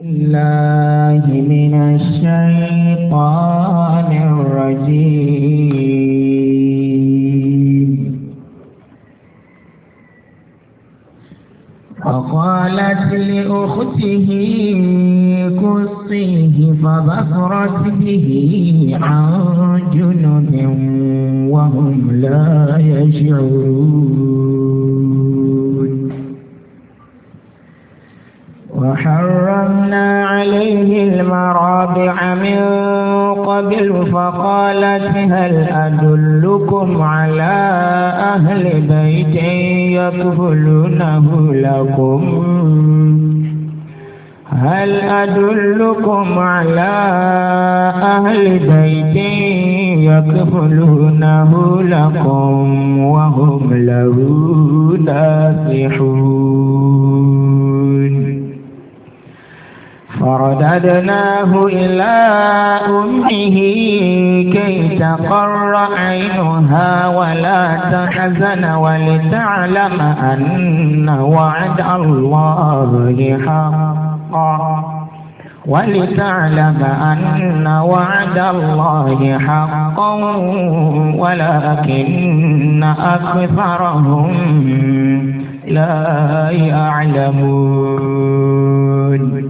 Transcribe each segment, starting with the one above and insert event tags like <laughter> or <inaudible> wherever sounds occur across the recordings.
الله من الشيطان الرجيم فقالت لأخته قصيه فبصرت به عن جنب وهم لا يشعرون وحرمنا عليه المرابع من قبل فقالت إيه هل أدلكم على أهل بيت يكفلونه لكم هل أدلكم على أهل بيت يكفلونه لكم وهم له ناصحون فرددناه إلى أمه كي تقر عينها ولا تحزن ولتعلم أن وعد الله حقا ولتعلم أن وعد الله حقا ولكن أكثرهم لا يعلمون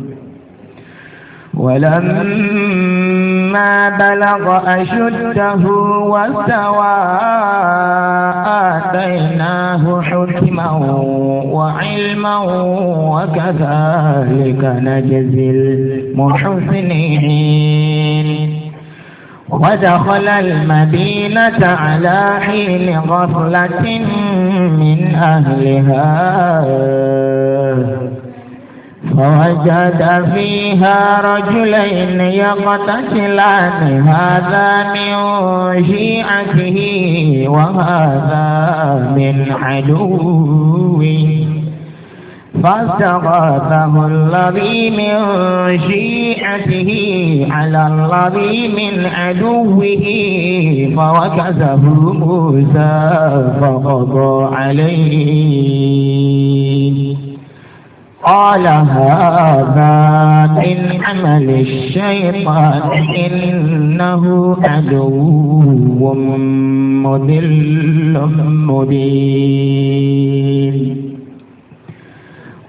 ولما بلغ أشده واستوى آتيناه حكما وعلما وكذلك نجزي المحسنين ودخل المدينة على حين غفلة من أهلها فوجد فيها رجلين يقتتلان هذا من شيعته وهذا من عدوه فاستغاثه الذي من شيعته على الذي من عدوه فركزه موسى فقضى عليه قال هذا من عمل الشيطان إنه عدو مذل مبين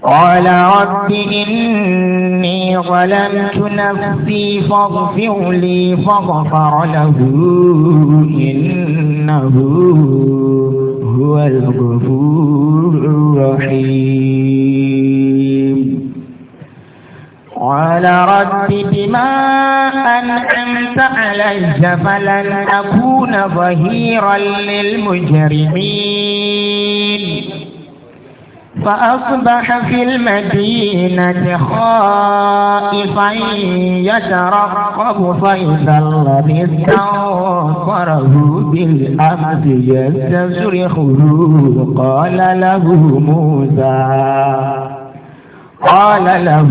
قال رب إني ظلمت نفسي فاغفر لي فغفر له إنه هو الغفور الرحيم قال رب بما أنعمت علي فلن أكون ظهيرا للمجرمين فأصبح في المدينة خائفا يترقب فإذا الذي استنصره بالأمس يستصرخه قال له موسى قال له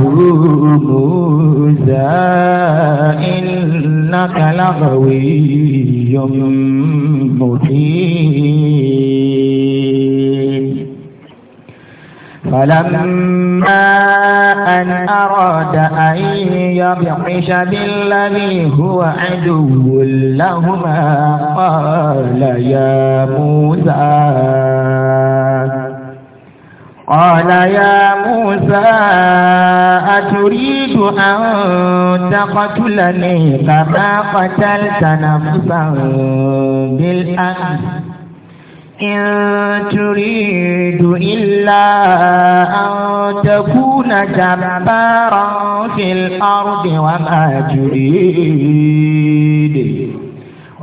موسى إنك لغوي مبين فلما أن أراد أن يبطش بالذي هو عدو لهما قال يا موسى قال يا موسى أتريد أن تقتلني كما قتلت نفسا بالأمس إن تريد إلا أن تكون جبارا في الأرض وما تريد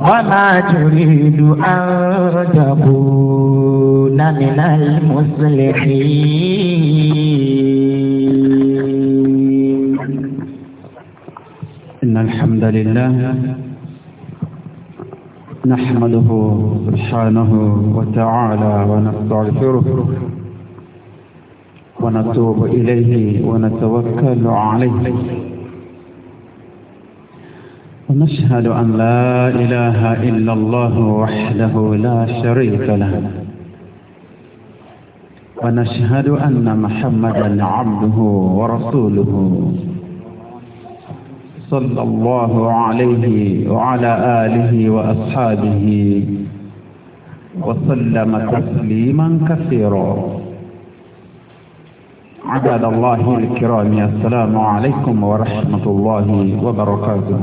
وما تريد أن تكون من المصلحين إن الحمد لله نحمده سبحانه وتعالى ونستغفره ونتوب إليه ونتوكل عليه ونشهد أن لا إله إلا الله وحده لا شريك له ونشهد أن محمدا عبده ورسوله صلى الله عليه وعلى آله وأصحابه وسلم تسليما كثيرا عباد الله الكرام السلام عليكم ورحمة الله وبركاته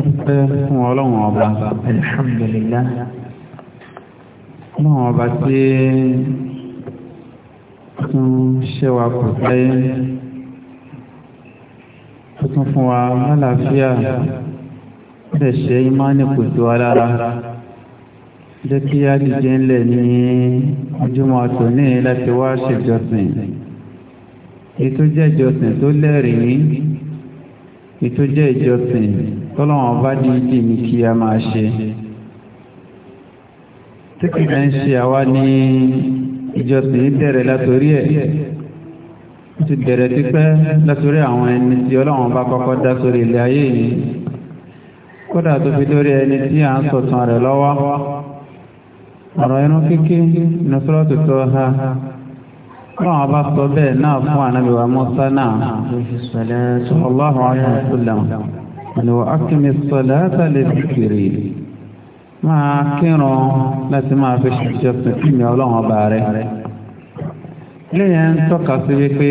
Ẹgbẹ́ fún ọlọ́run ọba, alhamdulillah. Ọlọ́run ọba tí tún ṣẹ́wà kò táyé, tó tún fún wa lálàáfíà, rẹ̀ ṣe ìmáni kò tó alára. Jẹ́ kí á dìje ńlẹ̀ ní ojúmọ́ ọ̀tọ̀ ní láti wá ṣèjọsìn. Ètò jẹ́ ìjọsìn tó lẹ́rìí, ètò jẹ́ ìjọsìn tọ́lọ́wọ́n bá dìídì ní kí a máa ṣe tí kì í ṣe àwa ní ìjọsìn bẹ̀rẹ̀ látorí ẹ̀ ti bẹ̀rẹ̀ tipẹ́ látorí àwọn ẹni tí ọlọ́wọ́n bá kọ́kọ́ dá sórí ilé ayé yìí kódà tó fi lórí ẹni tí à ń sọ̀tàn rẹ̀ lọ́wọ́ ọ̀rọ̀ inú kíkí ní sọ́rọ̀tù tó ha wọ́n bá sọ bẹ́ẹ̀ náà fún ànábìwá mọ́sá náà àlùwà ákìmí sọ̀lá àtàlẹ̀ fìkìrì máa kírun láti máa fi ṣiṣẹ́ sìn fún mi ọlọ́run ọba rẹ̀ lẹ́yìn ń tọ́ka sí wípé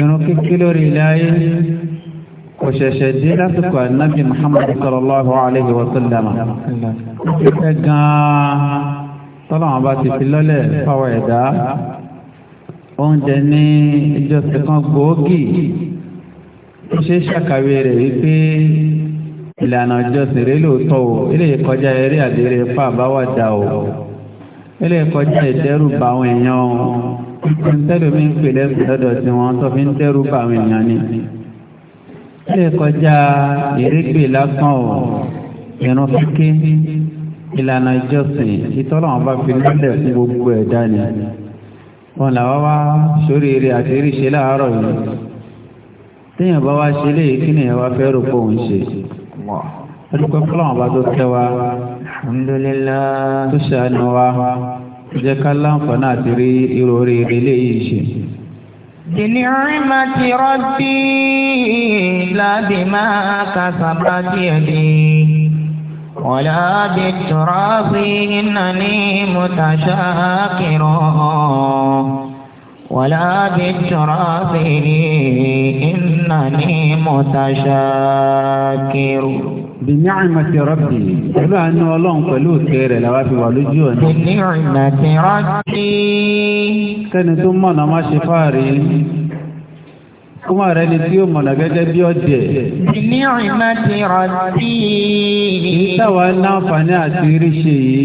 irun kíkí lórí ilé ayé kò ṣẹ̀ṣẹ̀ dé lásìkò ànábì Muhammad sallallahu alayhi wa sallam kíkẹ́ gan-an tọ́lọ́wọ́n bá ti fi lọ́lẹ̀ fáwọn ẹ̀dá oúnjẹ ní ìjọsìn kan gbòógì ó ṣe ṣàkàwé rẹ̀ wípé ìlànà ìjọsìn rẹ̀ lóòótọ́ o ilé ìkọjá eré àdéré fà báwàdà o ilé ìkọjá ìdẹ́rùbà àwọn èèyàn o ìpínlẹ̀mí ń pè lẹ́sìn lọ́dọ̀ tí wọ́n tó fi ń dẹ́rùbà àwọn èèyàn ni ilé ìkọjá ìrégbè lásán o ìrun kíké ìlànà ìjọsìn ìtọ́lọ́wọ́n bá fi lọ́lẹ̀ fún gbogbo ẹ̀dá ni wọn làwọn wá sórí eré àdéré ṣe láàárọ̀ yìí téèyàn bá wá ṣe léyìí kí nìyẹn wá fẹ́ rò pé òun ṣe. adúpẹ́ fúláwọn bá tó tẹ́ wa tó ṣàánú wa jẹ́ ká láǹfààní àti rí irú oríire léyìí ṣe. بنعمة ربي لا بما كسبت يدي ولا بالتراث إنني متشاكر ولا بالتراب إنني متشاكر bìnìcìmàtì rọ́bì pẹ̀lú àánú ọlọ́run pẹ̀lú òkè rẹ̀ làwa fi wà lójú ọ̀nà. bìnìcìmàtì rọ́bì. kẹ́ni tó mọ̀nà má ṣe fáàrí. Kúmọ̀ rẹ̀ ni tí ó mọ̀nà gẹ́gẹ́ bí ọ̀dẹ̀. Ìní ìmá ti rọ̀tí. Ìtawà láǹfààní àti ríṣe yìí,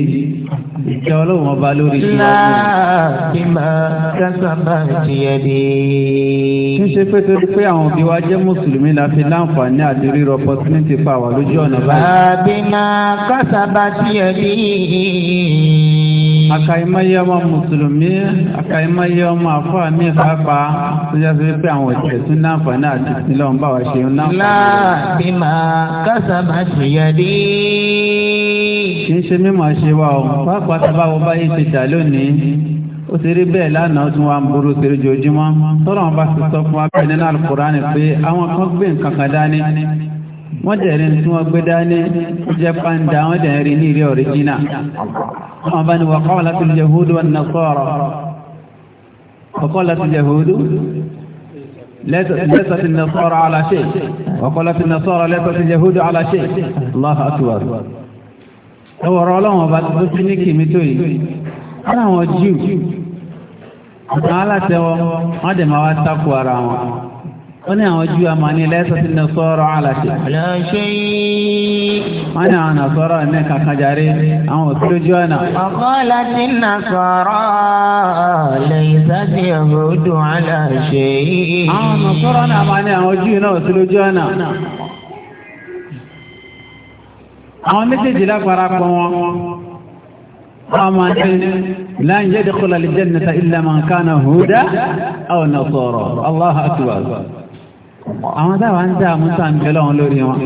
ìjẹ́ ọlọ́run ọba lórí ìjọba. Láàbí máa kásábà ti ẹ̀dẹ̀. Kí ṣe pé torí pé àwọn òbí wa jẹ́ Mùsùlùmí la fi láǹfààní àti rírọ opportunity pa wà lójú ọ̀nà báyìí. Láàbí máa kásábà ti ẹ̀dẹ̀ àkàìmáyé ọmọ mùsùlùmí àkàìmáyé ọmọ àfáà ní ìpápàá tó jẹ́ sí pé àwọn ìṣẹ̀ tún náà fà náà ti sí lọ́n bá wa ṣe ń náà. láàbí máa kásàmà tìyàdí. kì í ṣe mímọ̀ ṣe wa o pàápàá tá a bá wọ báyé ṣe dà lónìí ó ti rí bẹ́ẹ̀ lánàá tí wọ́n á burú sí ojoojúmọ́ tọ́lọ́ wọn bá ti sọ fún wa nínú al pé àwọn kan gbé nǹkan kan dání wọ́n dẹ̀ tí wọ́n gbé dání ó pàǹdà wọ́n dẹ̀ ní ilé ọ̀ríjínà أبن وقالت اليهود والنصارى وقالت اليهود ليست النصارى على شيء وقالت النصارى ليست اليهود على شيء الله أكبر ọ̀rọ̀ ọlọ́wọ̀n bá tó sí ní kìmí tó yìí aláwọn jíù àwọn alátẹwọ́ wọ́n dẹ̀ máa wá sákò ara wọn wọ́n ní àwọn jù àmà ní lẹ́sọ̀tí ní sọ́rọ̀ aláṣẹ. aláṣẹ yìí. wọ́n ní àwọn nàṣọ́rọ̀ ní kàkàjáre àwọn òṣèlójú ọ̀nà. ọ̀kọ́lá ti nà sọ̀rọ̀ lẹ́sọ̀tí ọ̀rọ̀dù aláṣẹ yìí. àwọn nàṣọ́rọ̀ náà máa ní àwọn jù náà òṣèlójú ọ̀nà. àwọn méjèèjì láparapọ̀ wọn. wọ́n لا يدخل الجنة إلا من كان هودا أو نصارى الله أكبر àwọn táwa ń dá àmúta ń bẹ lọ́wọ́ lórí wọn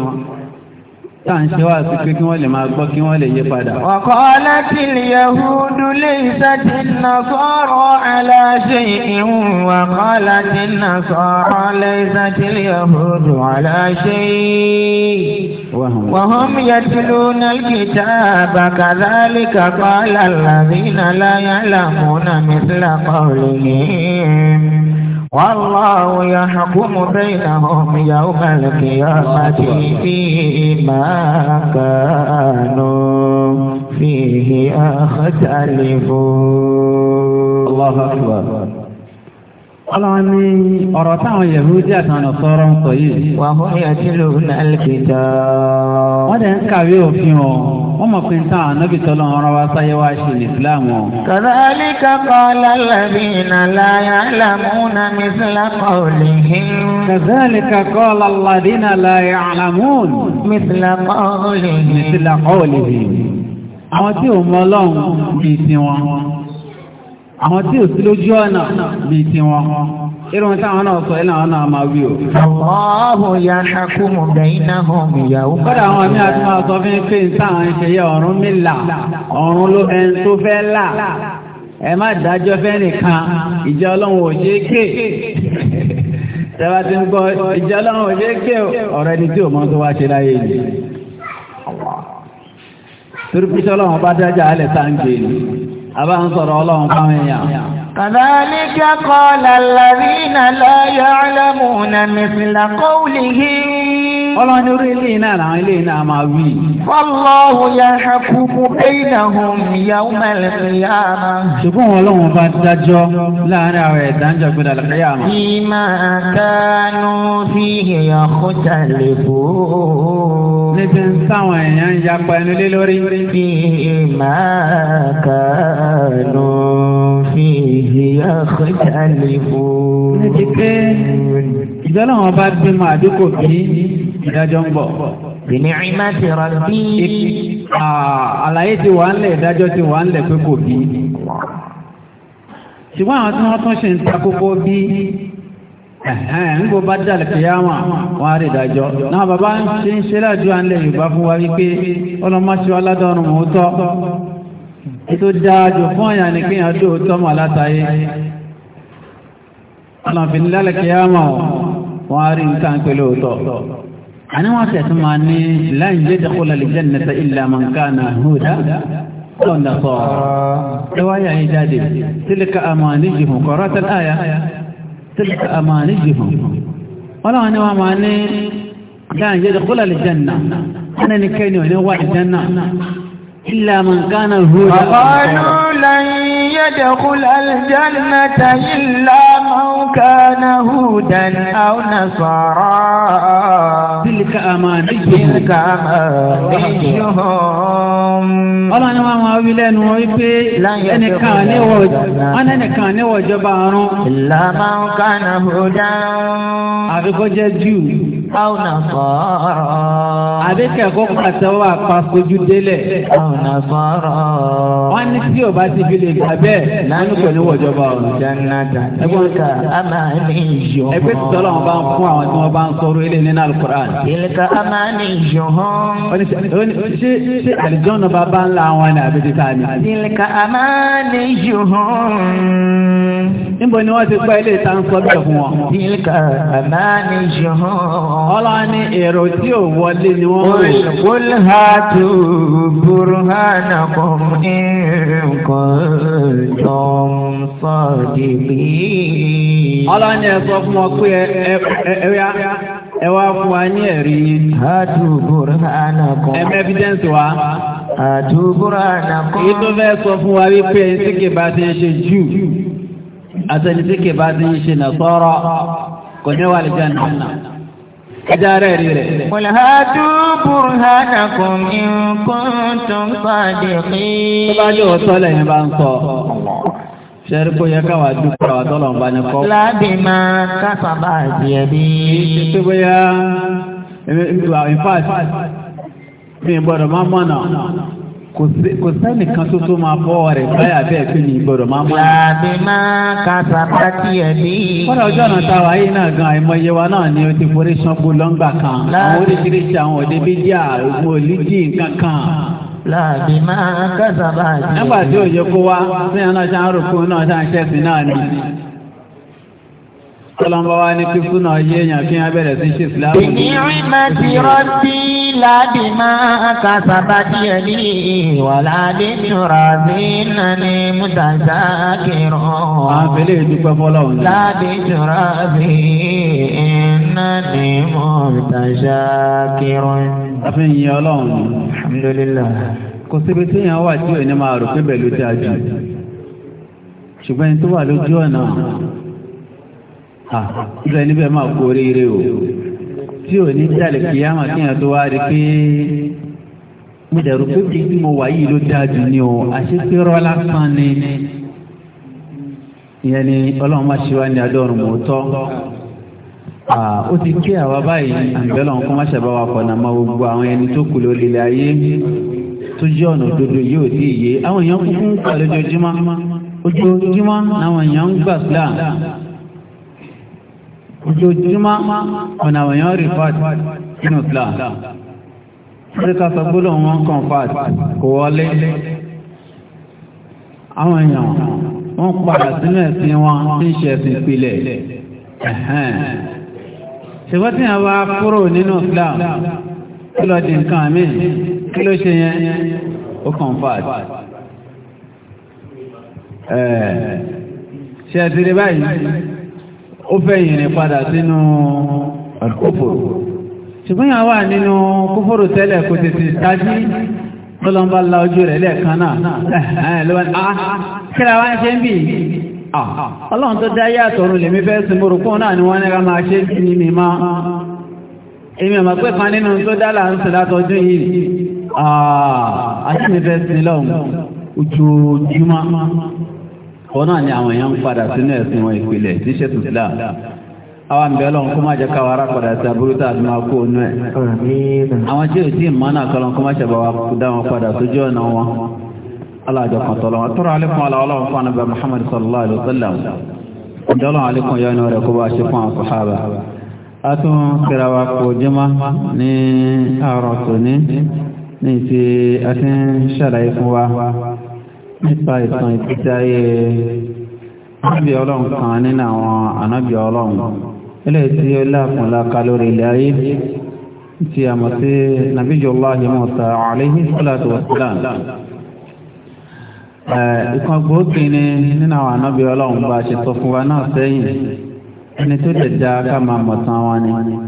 táà ń ṣe wá sí pé kí wọ́n lè máa gbọ́ kí wọ́n lè yé padà. wa qalatil yahudu laysatin nasara ala shay'in wa qalatin nasara laysatil yahudu ala shay'in wa hum yatluna al-kitaba kadhalika qala alladhina la ya'lamuna mithla qawlihim. والله يحكم بينهم يوم القيامة فيما كانوا فيه أختلفون الله أكبر Ọlọ́run ní ọ̀rọ̀ táwọn Yẹ̀húdí àtàwọn ọ̀sọ́rọ̀ ń sọ yìí. Wà á hóyà tí ló ń ná àlùkìtà. Wọ́n dẹ̀ ń kàwé òfin ọ̀. Wọ́n mọ̀ pé ń tàn ànábì tọ́lọ́ ọ̀rọ̀ wa sáyé wá ṣe ní Ìsìláàmù. Kàdáàlì kakọ́ lálàbí nàlá yàlámúnà mísílá kọ́ọ̀lì hìn. Kàdáàlì kakọ́ lálàbí nàlá yàlámúnà mísílá kọ́ọ̀lì hìn. Mísílá hìn. Àwọn tí ò mọ Ọlọ́run bíi tiwọn àwọn tí ò sí lójú ọ̀nà bíi tiwọn irun táwọn náà sọ ilé àwọn náà máa wí o. ọ̀hún ya ṣàkóso bẹ̀yìn náà hàn ìyàwó. kódà àwọn mi àti máa sọ fún pé táwọn ń ṣe yẹ ọ̀run mi là ọ̀run ló ẹni tó fẹ́ là ẹ má dájọ́ fẹ́ nìkan ìjà ọlọ́run ò ṣeé ké tẹ́wá ti ń gbọ́ ìjà ọlọ́run ò ṣeé ké ọ̀rọ̀ ẹni tí ò mọ̀ tó wá ṣe láyé ni. torí pé sọ́lọ́run bá dájà á lẹ̀ sáà ń gbé ni. كذلك قال الذين لا يعلمون مثل قولهم ọlọ́run ní orí ilé iná àwọn ilé iná máa wí. Wallahu yahkumu bainahum yawm al-qiyamah. ṣùgbọ́n wọn lọ́wọ́n bá dájọ́ láàárín àwọn ẹ̀dá ń jọ̀gbìn àlàkàyà àmà. Bima kanu fihi yakhtalifun. níbi ń sáwọn èèyàn ń yapa ẹnu lé lórí. Bima kanu fihi yakhtalifun. níbi pé ìdọ́lọ́wọ́n bá bímọ àdúgbò bí ìdájọ́ ń bọ̀. bìnìrìmá ti rọ bí. àlàyé ti wà ńlẹ̀ ìdájọ́ ti wà ńlẹ̀ pé kò bí. ṣùgbọ́n àwọn tí wọ́n tún ṣe ń ta kókó bí ń bó bá dàlẹ̀ kìyàmà wọn á rí ìdájọ́. náà bàbá ń ṣe ń ṣe láàjú àńlẹ̀ yorùbá fún wa wípé ọlọ́mọṣú aládọ́run mò ń tọ́. ètò dáadọ̀ fún ọ̀yàn ni kéèyàn dóòótọ́ mọ̀ látàyè. ọ̀nà wọ́n á rí nǹkan pẹ̀lú òótọ́ àní wọ́n tẹ̀sí máa ní láì jẹ́ dẹ́kọ́lá lè jẹ́ nẹ́ta ilẹ̀ àmàǹkánà húdà kọ́ńdà sọ̀rọ̀ ẹwáyà yìí jáde tílíkà àmàníjìhùn kọ́rọ́ tẹ́lẹ̀ àyà tílíkà àmàníjìhùn wọ́n láwọn ni wọ́n máa ní láì jẹ́ dẹ́kọ́lá lè jẹ́ nà ilẹ̀ àmàǹkánà húdà kọ́ńdà يدخل الجنة إلا من كان هودا أو نصارى تلك أمانيهم تلك أمانيهم ọlọ́run ni wọ́n máa wí lẹ́nu wípé ẹnìkan níwọ̀ jọba àrùn. ìlànà kan náà hùdá. àfikọ́ jẹ́ jù àwọn àfọ̀rọ̀. àbí kẹ̀kọ́ pàtẹ́wọ́ àpasojú délẹ̀. àwọn àfọ̀rọ̀. wọ́n ní tí o bá ti fi lè gbà bẹ́ẹ̀ lánàá pẹ̀lú wọ̀jọba ọ̀run. jẹ́nà dàdíkà àmà ní ìyọ̀ hàn. ẹgbẹ́ tìtọ́ lọ́wọ́ bá ń fún àwọn tí wọ́n bá ń sọ̀rọ̀ ilé nínú alukur'an. ìlẹ̀kà àmà ní ìyọ̀ hàn. ṣé ṣé àlìjọ́nù bàbá ńlá wọn ni àbí ti sáà ní. ìlẹ̀kà àmà ní ìyọ̀ hàn. níbo ni wọ́n ti gbọ́ ilé ìta ń sọ fún wọn. ìlẹ̀kà àmà ní ìyọ̀ hàn. Ọlá ní èrò tí ò wọlé ni wọ́n ní ẹ sọ fún ọ pé ẹ̀yà ẹ wá fún wa ní ẹ̀rí. Hatu burhanakum. Ẹ̀mẹ́ evidence wa. Hatu burhanakum. Èyí tó fẹ́ sọ fún wa wípé ẹni bá ti ń ṣe Jù àtẹni bá ti ń ṣe kò ní ẹja rẹ̀ rí rẹ̀. qul hatu burhanakum in kuntum sadiqin. tó bá ní òótọ́ lẹ́yìn bá ń sọ sẹ́rí kó yẹ káwa dúpọ̀ àwọn tọ́lọ̀ ń bá ní kọ́. láàbì máa kásábà àdìẹ bí. kì í ṣe bóyá in fact mi gbọ́dọ̀ máa mọ̀nà kò sẹ́ni kan tó tó máa bọ́ rẹ̀ báyà bẹ́ẹ̀ tó ní ìgbọ́dọ̀ máa mọ́. làbí máa ka sàpàtì ẹ̀ ní. kọ́dà ọjọ́ náà ta wáyé náà gan àìmọye wa náà ni o ti forí sanko lọ́ngbà kan àwọn oríṣiríṣi àwọn òde bíjà ògùn òlíjì nǹkan kan. làbí máa ka sàpàtì ẹ̀ ní. nígbà tí òye kó wá sí ẹ̀ náà ṣe àrùkù náà ṣe àṣẹ́sìn náà ni. Tọ́lọ́mbọ́ wá ní kí súnà yé èèyàn kí wọ́n bẹ̀rẹ̀ sí ṣe ìsìláàmù. Ìní ìmọ̀ ti rọ́bí láti máa kàṣàbà díẹ̀ ní ìwàlá dé ní rọ̀bí náà ní mútàṣá kìrọ̀. À ń fẹ́lẹ́ ìdúpẹ́ fọ́lọ́run. Láti rọ̀bí náà ní mútàṣá kìrọ̀. A ń yin Ọlọ́run. Alhamdulillah. Kò síbi tí èèyàn wà tí ò ní máa rò pé bẹ̀lú tí a jù. Ṣùgbọ́n ẹni tó wà lójú ọ̀nà ṣe níbẹ̀ máa kó oríire o tí ò ní jàlẹ̀ kí á máa kíyàn tó wá rí pé mo dẹ̀rù pé bí mo wà yìí ló o àṣepé rọ́lá ni ìyẹn ni ọlọ́run máa ṣe wá ní tọ́ ó ti ké àwa báyìí gbogbo àwọn ẹni tó kù lórí ilẹ̀ ayé tó jẹ́ ọ̀nà òdodo yóò iye àwọn èèyàn kún kọ́ lójoojúmọ́ ojoojúmọ́ làwọn ojoojúmọ́ ọ̀nà àwọn èèyàn rí fàtí nínú islam áfíríkà sọ gbọ́dọ̀ wọn kàn fàtí kò wọlé àwọn èèyàn wọ́n padà sínú ẹ̀sìn wọn tí ń ṣe ẹ̀sìn ìpìlẹ̀ ṣùgbọ́n tí wọ́n bá kúrò nínú islam kí ló di nǹkan mi kí ló ṣe yẹn ó kàn fàtí ṣe ẹ̀sìn rí báyìí ó fẹ́ yìnrìn padà sínú kófòrò ṣùgbọ́n yà wà nínú kófòrò tẹ́lẹ̀ kò tètè tají lọ́lọ́mbà la ojú rẹ̀ lẹ́ẹ̀kan náà lọ́wọ́n ah, kíra wá ń ṣe ń bì ah, ọlọ́run tó dá yàtọ̀ ọ̀run lèmi ni wọ́n ní ká máa ṣe ní mi máa èmi ọ̀mọ̀ pé kan nínú wọn náà ni àwọn èèyàn ń padà sínú ẹ̀sìn wọn ìpìlẹ̀ tí ṣe tùsílà àwọn àmì ọlọ́run kó má jẹ́ káwà rápadà sí àbúrútà àti máa kó onú ẹ̀ àwọn tí ò tí ì mọ́nà kọlọ́n kó má ṣẹ̀bà wa dá wọn padà sójú ọ̀nà wọn alájọ kan tọ́lọ́ wọn tọ́rọ alẹ́kùn aláwọ̀lọ́wọ́ fún anábẹ́ Muhammad sallallahu alaihi wa kó jẹ́má nípa ìtàn ìpìtà ayé ànábì ọlọ́run kan nínú àwọn ànábì ọlọ́run ilé tí ó láàkùn láka lórí ilẹ̀ ayé tí a mọ̀ sí nàbíjọ́láhi Mùsá alayhi salatu wassalam ìkan gbòógì ni nínú àwọn ànábì ọlọ́run bá ṣe sọ fún wa náà sẹ́yìn ẹni tó ti jẹ́ ká nínú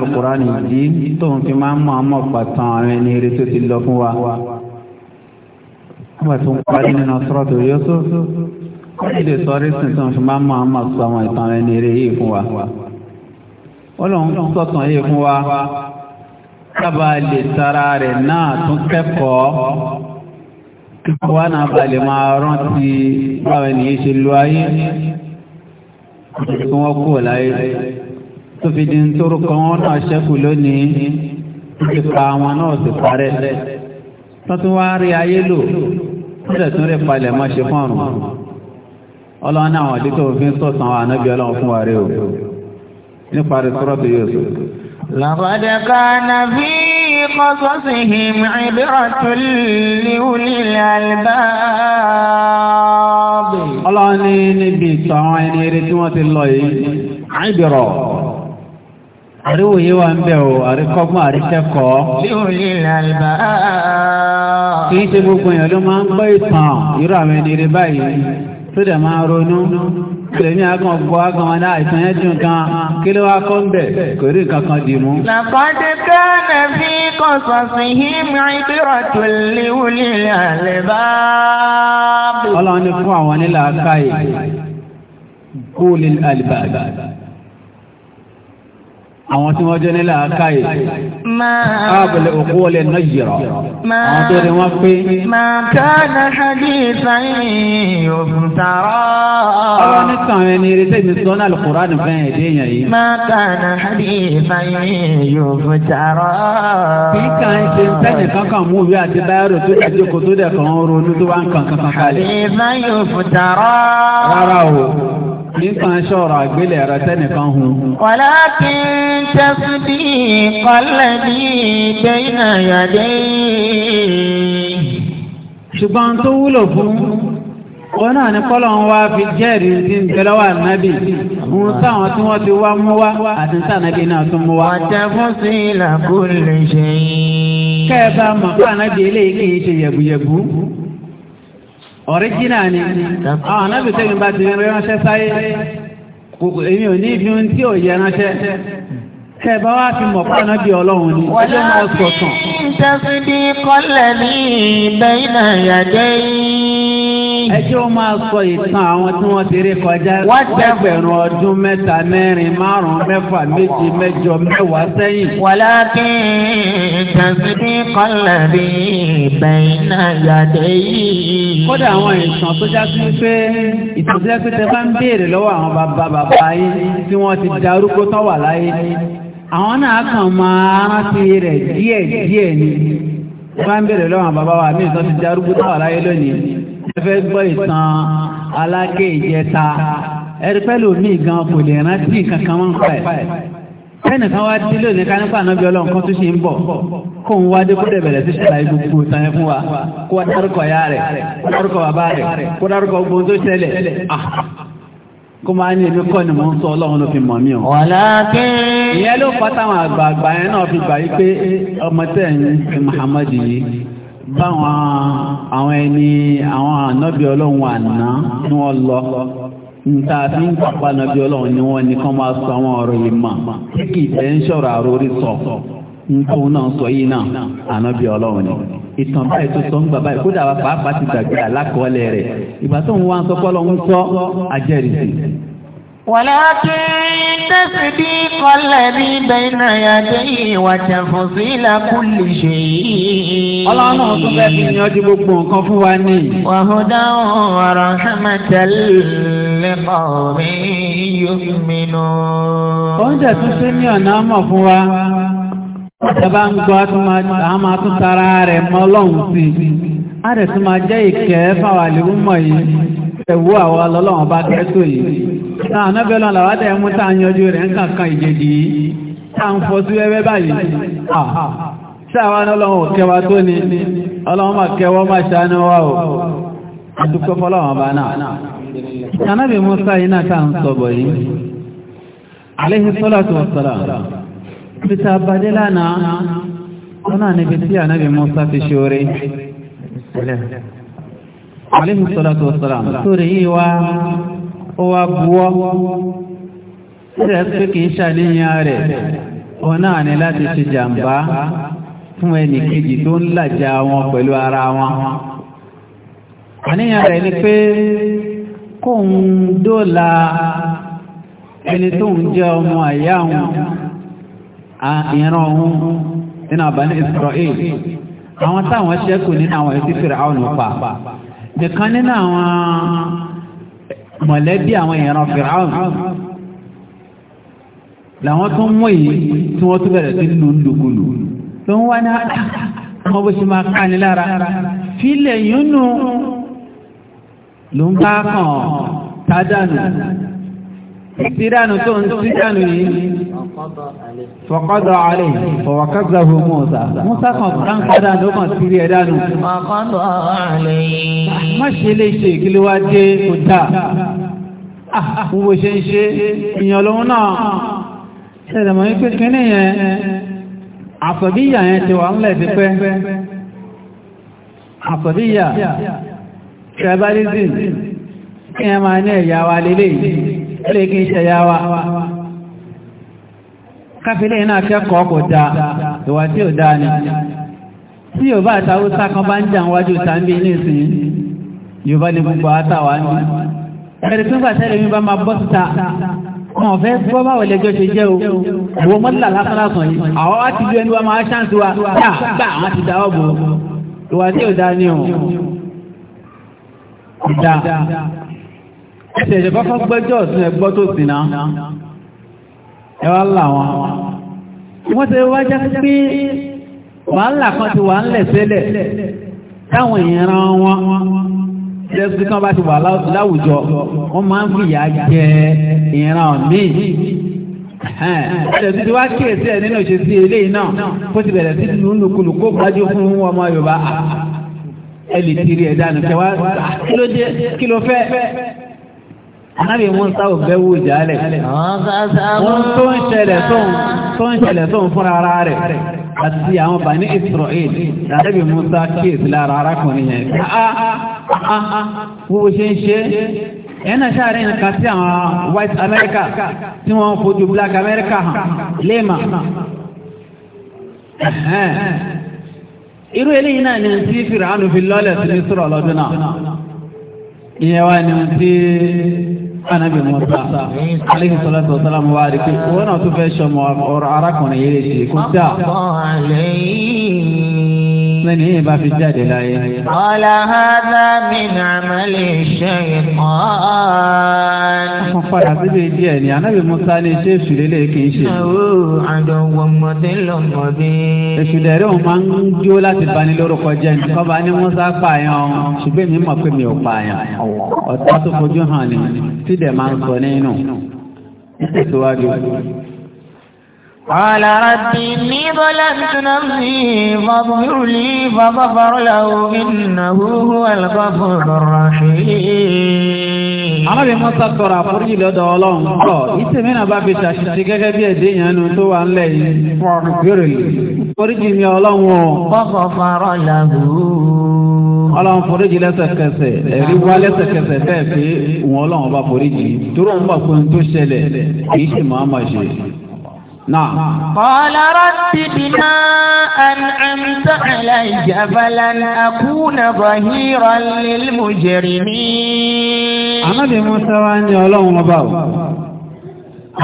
Al-Qur'ani yìí tóun fi máa ń mọ̀ ọmọ pàtàn àwọn ẹni eré tó ti lọ fún wa wọ́n tún parí nínú sọ́rọ̀tò Yusuf wọ́n lè sọ́rí sísan fún máa mọ́ àmà sọ àwọn ìtàn ẹni eré yìí fún wa ó lóun sọ̀tàn yìí fún wa kábà lè tara rẹ̀ náà tún kẹ́kọ̀ọ́ kíkọ́ wa náà balẹ̀ máa rántí báwọn ènìyàn ṣe lu ayé tí wọ́n kú láyé tó fi di nítorúkọ wọn náà ṣẹ́kù lónìí tó ti pa àwọn náà sì parẹ́ tó tún wá rí ayé lò sílẹ̀ tó rẹ̀ palẹ̀ máa ṣe fọ́rùn ọlọ́run àwọn àdítọ̀ òfin sọ̀tàn àwọn ọlọ́run fún ààrẹ o nípa rẹ̀ sọ́rọ̀tù yóò sọ لقد كان في قصصهم عبرة لأولي الألباب ọlọ́run ní níbi ìtàn àwọn ẹni eré tí wọ́n ti lọ yìí àìbẹ̀rọ̀ àríwò yìí wà ń bẹ̀ o àríkọ́gbọ́n àríkẹ́kọ̀ọ́. lórí làlùbá. kì í ṣe gbogbo èèyàn ló máa ń gbọ́ ìtàn irú àwọn ẹni rẹ báyìí tó dẹ̀ máa ronú. Tèmi àgàn gbọ́ àgàn wọn náà ìtàn yẹn dùn gan. Kí ló wá kọ́ ń bẹ̀? Kò rí nǹkan kan dì mú. Làkọ́dé kánà fi kọ̀sọ̀sì yìí mìíràn ìbírọ̀ tó léwu lílẹ̀ àlẹ́bá. Ọlọ́run ní fún àwọn nílà àwọn tí wọ́n jẹ́ nílẹ̀ àkáyè ààbẹ̀lẹ̀ òkú wọlé náà yìrọ̀ àwọn tó ní wọ́n pé màkánà haditha yòbùtàrọ̀ ọ̀rọ̀ nítàn ẹni retẹ́ mi sọ náà lùkùrá ní fẹ́ èdè èèyàn yìí màkánà haditha yòbùtàrọ̀ kìí kan ṣe ń tẹ́lẹ̀ kankan mú ìwé àti báyọ̀rọ̀ tó dájú kò tó dẹ̀ kàn ń ronú tó wá ń kankan kankan kalẹ̀ rárá o Nísàn ṣọ́rọ̀ àgbélẹ̀ ẹ̀rọ tẹ́nìkan hun. Wàlá kí n tẹ́sí bí kọ́lẹ̀ bí bẹ́yìnà yàdé. Ṣùgbọ́n tó wúlò fún wọn náà ní kọ́lọ̀ ń wá fi jẹ́rìí sí ń bẹ lọ́wọ́ ànábì. táwọn tí wọ́n ti wá mú wá àti sànábì náà tún mú wá. Ọ̀tẹ̀ fún sí ìlàkúlẹ̀ ṣe yín. Kẹ́ bá mọ̀ fún ànábì eléyìí kì í ṣe yẹ̀bùyẹ̀bù ọ̀ríjínà ni àwọn anábìtẹ́ ah, ìgbà ti rí ránṣẹ́ sáyé èmi ò ní ibi ohun tí ò yẹ ránṣẹ́ tẹ́ bá wá fi mọ̀ pàánà bí ọlọ́run ni ọjọ́ mọ́ sọ̀tàn. wọ́n ní ìbẹ́ ìnà ìyàdẹ́yìn yín. ẹ jẹ́ ó máa sọ ìtàn àwọn tí wọ́n ti rí kọjá. wọ́n tẹ́ ẹgbẹ̀rún ọdún mẹ́ta mẹ́rin márùn-ún mẹ́fà méje mẹ́jọ mẹ́wàá sẹ́yìn. wàlákin tẹ̀síbí kọ́lẹ̀ rí bẹ̀yìn náà yàdé yìí. kódà àwọn ìtàn tó já sí pé ìtàn tó já sí pé bá ń béèrè lọ́wọ́ àwọn bàbá bàbá yìí tí wọ́n ti darúgbó tán wà láyé àwọn náà kàn máa rántí rẹ̀ díẹ̀díẹ̀ ni bá ń béèrè lọ́wọ́ àwọn bàbá wa mí ìtàn ti darúgbó tán wà láyé lónìí ẹfẹ́ gbọ́ ìtàn aláké ìjẹta ẹ̀rípẹ́lú mi gan kò lè rántí kankan wọn pa ẹ̀ ẹnì kan wá dé lónìí ká nípa ànábi ọlọ́run kan tó ṣe ń bọ̀ kó ń wá dé kó dẹ̀bẹ̀rẹ̀ sí ṣàlàyé gbogbo ìtàn yẹn fún wa kó wá dárúkọ ya rẹ̀ kó dárúkọ bàbá rẹ̀ kó dárúkọ gbogbo tó ṣẹlẹ̀ ah! kó máa ní ibi kọ́ ni mò ń sọ ọlọ́run ló fi mọ̀ mí o. ọ̀làkè. ìyẹn ló fọ́ táwọn àgbààgbà yẹn náà fi gbà yí pé ọmọ tẹ̀ ń Muhammad yìí báwọn àwọn ẹni àwọn ànábì ọlọ́run àná ni wọ́n lọ nta fi ń pàpà ànábì ọlọ́run ni wọ́n ní sọ àwọn ọ̀rọ̀ kí ń àrórí sọ nǹkan náà sọ yìí náà ọlọ́run ni ìtàn báyìí tó sọ ń gbà báyìí kódà pàápàá ti gbàgbé àlákọọ́lẹ̀ rẹ̀ ìgbà tó wá sọ́kọ́ àjẹrìsì ولكن تصديق الذي بين يديه وتفصيل كل شيء ọlọ́run tún وهدى ورحمة لقوم يؤمنون. oúnjẹ ń gbọ́ a máa tún tara rẹ̀ mọ́ ọlọ́run sí a rẹ̀ tún máa jẹ́ ìkẹ́ fáwọn àlè ẹ̀wú àwọn ọlọ́wọ́n bá dẹ́tò yìí náà nọ́bẹ̀lọ́ làwọn dẹ̀ mú tá à ń yanjú rẹ̀ ń kankan ìjèdì yìí tá à ń fọ́ sí wẹ́wẹ́ báyìí ṣé àwọn ọlọ́wọ́n kẹwa tó ni ọlọ́wọ́n máa kẹwọ́ máa ṣàánú wa o àdúgbò fọlọ́wọ́n bá náà Ànábì Musa yìí náà tá à ń sọ̀bọ̀ yìí alayhi salatu wassalam peter abadélànà ọ̀nà níbi tí Ànábì Musa ti ṣe alayhi salatu wasalam sórí yìí wá ó wá buwọ́ rẹ̀ pé kìí ṣàníyàn rẹ̀ òun náà ni láti ṣe jàǹbá fún ẹnì kejì tó ń làjà wọn pẹ̀lú ara wọn àníyàn rẹ̀ ni pé kóun dóòlà ẹni tó ń jẹ́ ọmọ àyà òun ìran òun nínú àbáni Israel àwọn táwọn ṣẹ́kù nínú àwọn nìkan nínú àwọn mọ̀lẹ́bí àwọn ìran fìràún làwọn tó mú yìí tí wọ́n tó bẹ̀rẹ̀ sí nínú lùkulù tó ń wá ní àwọn ah, bó ṣe máa ká ní lára fílẹ̀ yìí ló ń bá kàn tádànù ìsìdánù tó ń sídánù yìí fọ̀kọ́dọ̀ àlè fọ̀wọ̀kọ́dọ̀ Mùsá Mùsá kan tán padà ló kàn sí rí ẹ̀dánù má ṣe lè ṣe ìkílẹ̀ wá dé kò dá gbogbo ah, ṣe yẹn ti wà ńlẹ̀ ti pẹ́ àsọ̀díyà tribalism kí ẹ máa ní ẹ̀yà wa lélẹ́yìí ilé kí iṣẹ́ yá wa káfílẹ̀ iná akẹ́kọ̀ọ́ kò dáa ìwà tí ò dáa ni tí yóò bá àtàwọn sákan bá ń jà wájú tàbí ní ìsìn yóò bá ní gbogbo àtàwà ní ẹ̀rì pínpà tẹ́lẹ̀ mi bá máa bọ́ síta wọn fẹ́ gbọ́ báwọn lẹ́jọ́ ṣe jẹ́ o àwọn mọ́lá lásánlásán ẹ̀sẹ̀ ìjọba fọ́gbẹ́jọ́ ọ̀sìn ẹgbọ́ tó sì náà ẹwà ńlá wọn wọ́n ti wá já pé wàhálà kan ti wà ńlẹ̀ sílẹ̀ táwọn ìran wọn lẹ́sùn kan bá ti wà láwùjọ wọ́n máa ń fìyà jẹ ìran míì ẹ̀sùn ti wá kíyèsí ẹ̀ nínú ìṣesí eléyìí náà kó ti bẹ̀rẹ̀ sí nùnùkulù kó gbájú fún ọmọ Yorùbá ẹ lè tiri ẹ̀ dànù kẹwàá kí ló fẹ́. Anábì Musa ò bẹ́ wù jálẹ̀. Wọ́n tó ń ṣẹlẹ̀ tó ń ṣẹlẹ̀ tó fúnra ara rẹ̀ àti àwọn Bani Israel. Anábì Musa kíyèsí lára arákùnrin yẹn. Wo ah, ah, ah, ṣe ń ṣe? ẹ̀nà sáàrin nǹkan tí àwọn white America tí wọ́n fojú black America hàn lẹ́ẹ̀mà irú eléyìí náà ni tí fìràánù fi lọ́lẹ̀ sí ní sọ̀rọ̀ lọ́dún náà ìyẹn wá ni tí anabi musa aleyhi salatu wa salam wa ari pé wọn náà tún fẹ́ sọmọ ọ̀rọ̀ arákùnrin yìí lè ṣe kó sí à mẹ́ni yìí bá fi jáde láyé. Ọlá hádá mi nà má lè ṣe ìkọ́ọ̀n. Wọ́n padà síbi díẹ̀ ni Anábì Musa ní ṣé ìfìlélẹ̀ kì ṣe. Ṣàwó àjọ wọmọdé lọmọ bí. Ìfìdẹ̀rẹ́ òun máa ń jó láti bani lórúkọ jẹ́ ní. Kọ́ba ní Musa pààyàn o, ṣùgbọ́n mi mọ̀ pé mi ò pààyàn. Ọ̀tá tó fojú hàn ni, tí dẹ̀ máa ń sọ nínú. Ìtẹ̀síwájú. قال رب إني ظلمت نفسي فاغفر لي فغفر له إنه هو الغفور الرحيم Arábìnrin Mọ́sá tọrọ àforíjì lọ́dọ̀ Ọlọ́run pọ̀, ìtì mìíràn bá fi ṣàṣìṣe gẹ́gẹ́ bí ẹ̀dẹ́ ìyanu tó wà ńlẹ̀ yìí fún ọ̀rùn gbèrè lè. Foríjì mi Ọlọ́run ọ̀. Fọ́fọ́ farọ́ làgùn ọlọ́run foríjì lẹ́sẹ̀kẹsẹ̀ ẹ̀rí wá lẹ́sẹ̀kẹsẹ̀ bẹ́ẹ̀ pé òun ọlọ́run bá foríjì dúró ń bà fún un tó ṣẹlẹ̀ kì í ṣe máa ma ṣe. قال رب بما أنعمت علي فلن أكون ظهيرا للمجرمين أنا Mùsá wá ní Ọlọ́run ọba o.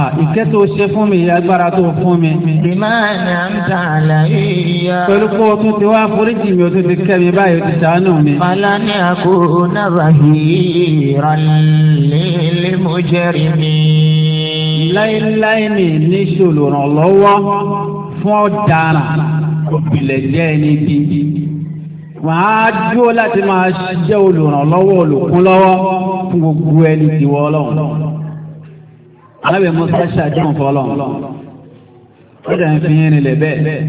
À ìkẹ́ tó ṣe fún mi agbára tó fún mi. Bímá ni à ń ta àlàyé ìyá. Pẹ̀lú kó tún ti wá foríjì mi o tún ti kẹ́ báyìí ti ṣàánú mi. Fàlà ni a kò náà bàbí ìrànlélẹ́mọ̀jẹ̀rì mi láíláí ní níṣẹ́ olùrànlọ́wọ́ fún ọ̀daràn òbílẹ̀ jẹ́ ẹni bí wàá dúró láti máa jẹ́ olùrànlọ́wọ́ olùkúnlọ́wọ́ fún gbogbo ẹni tìwọ́ ọlọ́run alábẹ̀ musa ṣàjọyọ̀ fọlọ́run ó dẹ̀ ń fi yín rinlẹ̀ bẹ́ẹ̀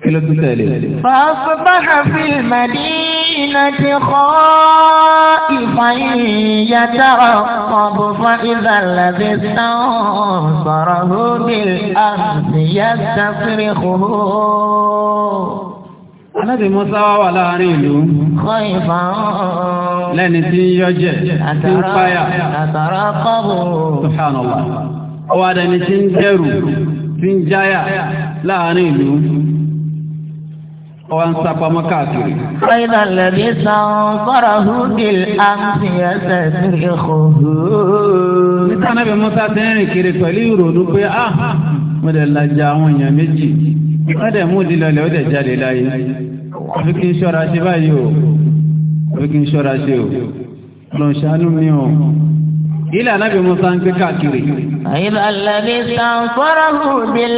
kí ló tún tẹ̀lé. fàáfù bá hàn fi màdí. المدينة خائفا يترقب فإذا الذي استنصره بالأرض يستصرخه Alábì Musa wá wà láàrin ìlú. Kọ́ ìfàn. Lẹ́ni tí ń yọjẹ̀, tí ń páyà. Àtàrà kọ́bù. Subhanallah. Ó wá tí ń dẹ̀rù, tí ń jáyà láàrin ìlú ọwọ́n sápamọ́ káàkiri. Ṣáìlà lẹ́bí san fọ́rọ̀ húgìl àti ẹsẹ̀ sí ìhòhò. Níta náà bí Musa ti ń rìn kiri pẹ̀lú ìrònú pé á ah, mo dẹ̀ lajà àwọn èèyàn méjì. Wọ́n dẹ̀ mú ìdílé ọ̀lẹ́ ó dẹ̀ jáde láyé. Àfi kí n ṣọ́ra ṣe báyìí o. Àfi kí n ṣọ́ra ṣe o. Lọ ṣàánú mi o. Ilé ànábì Musa ń gbé káàkiri. Ṣáìlà lẹ́bí san fọ́rọ̀ húgìl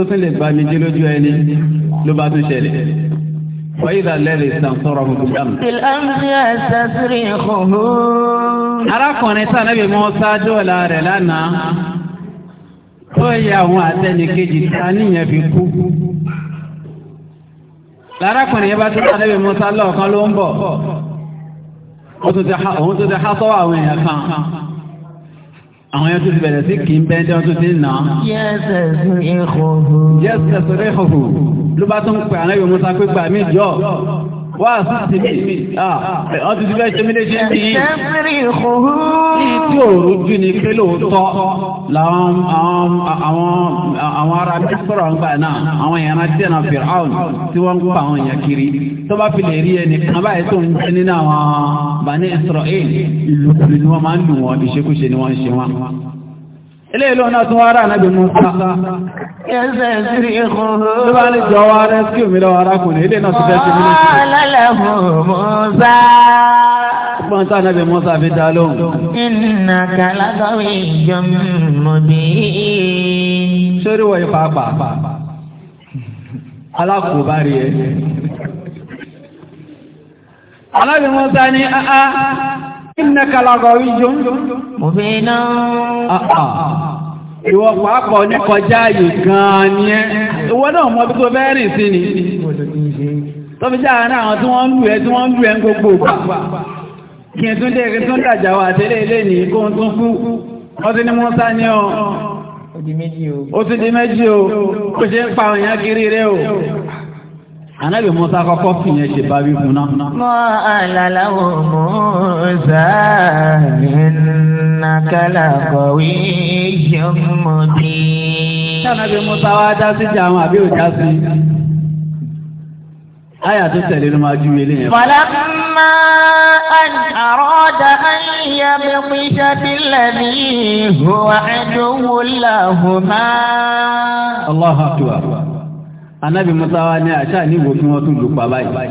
tó tún lè bá mi jẹ́ lójú ẹni ló bá tún ṣẹlẹ̀. وإذا الذي استنصره بالأمس بالأمس يستصرخه arákùnrin tá nàbì Mùsá dóòlà rẹ̀ lánàá tó yẹ àwọn àtẹnìkejì tá níyẹn fi kú. lárákùnrin yẹn bá tún tá nàbì Mùsá lọ́ọ̀kan ló ń bọ̀ òun tó ti há sọ́wọ́ àwọn èèyàn kan àwọn yẹn tó ti bẹ̀rẹ̀ sí kì í bẹ́ẹ̀ tó ti nà. yẹ́sẹ̀sì ìhòhò. ìhòhò ló bá tún pè ànábì Musa pé gbà mí jọ wá sí ti mi ọ ti ti bẹ́ẹ̀ ṣe mí léṣe ń bí. yẹ́sẹ̀sì tí òru jù ní pé lóòótọ́ làwọn àwọn ará bí sọ̀rọ̀ ń gbà náà àwọn èèyàn náà dẹ̀nà Fir'aun tí wọ́n ń pa àwọn èèyàn kiri tó bá fi lè rí ẹnì kan báyìí tó ń jẹ nínú àwọn Bani Israel ìlúkulù ni wọ́n máa ń lù wọn ìṣekúṣe ni wọ́n ń ṣe wọn ilé ìlú náà tún wárá náà bí mú sáà ẹsẹ̀ sí ìkùnrù tó bá lè jọ wá rẹ́síkì mi lọ́wọ́ arákùnrin ilé náà ti Alábi Musa ní àá iná kalagọ̀ ìjọ mú fi iná àà. Ìwọ pàápọ̀ ní kọjá ayò gan-an ni ẹ́. Ìwọ náà mọ́ bí kò bẹ́ẹ̀ rìn sí ni. Tọ́bí jáàárín àwọn tí wọ́n ń lù ẹ́ tí wọ́n ń lù ẹ́ ń gbogbo ògbà. Kí tún dé kí tún dàjà wà tẹ́lẹ̀ ilé kó ń tún fún. Wọ́n ti ní Musa ní ọ. Ó ti di méjì o. Ó ti di méjì o. Kò ṣe ń pa òyìn kiri rẹ o. Ànábì Musa kọ́kọ́ fi yẹn ṣe bábí fún náà. Mọ́ àlàláwò Musa ìnàkàlà kọ̀wé yọmọdé. Ṣáàbí Musa wá dá sí jà àwọn àbí òjá sí. Áyà tó tẹ̀lé ló máa ju ilé yẹn. Fọlámà an àrọ́dà an yẹ mi pínṣẹ́ bílẹ̀ ní ìhùwà ẹ̀dùn wò láhùn máa. Allahu akbar anábì Musa wá ní ni níwò kí wọ́n tún lù pa báyìí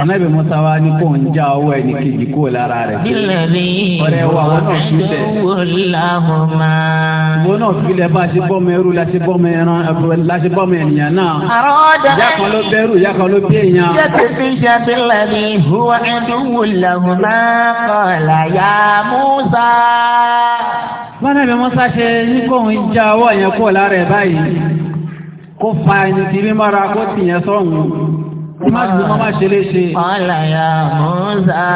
anábì Musa wá ní kò ń já ọwọ́ ẹni kejì kó lára rẹ̀ ọ̀rẹ́ wa wọn náà fi tẹ̀ wọn náà fi lẹ́ bá a ṣe bọ́mọ ẹrú láti bọ́mọ ẹran láti bọ́mọ ènìyàn náà ìyá kan ló bẹ̀rù ìyá kan ló bí èèyàn. jẹ́ ti fi ṣe kó fa ẹni tí bí mara kó tìyẹn sọ́hun kó má dùn mọ́ má ṣe léṣe. ọ̀là ya Musa.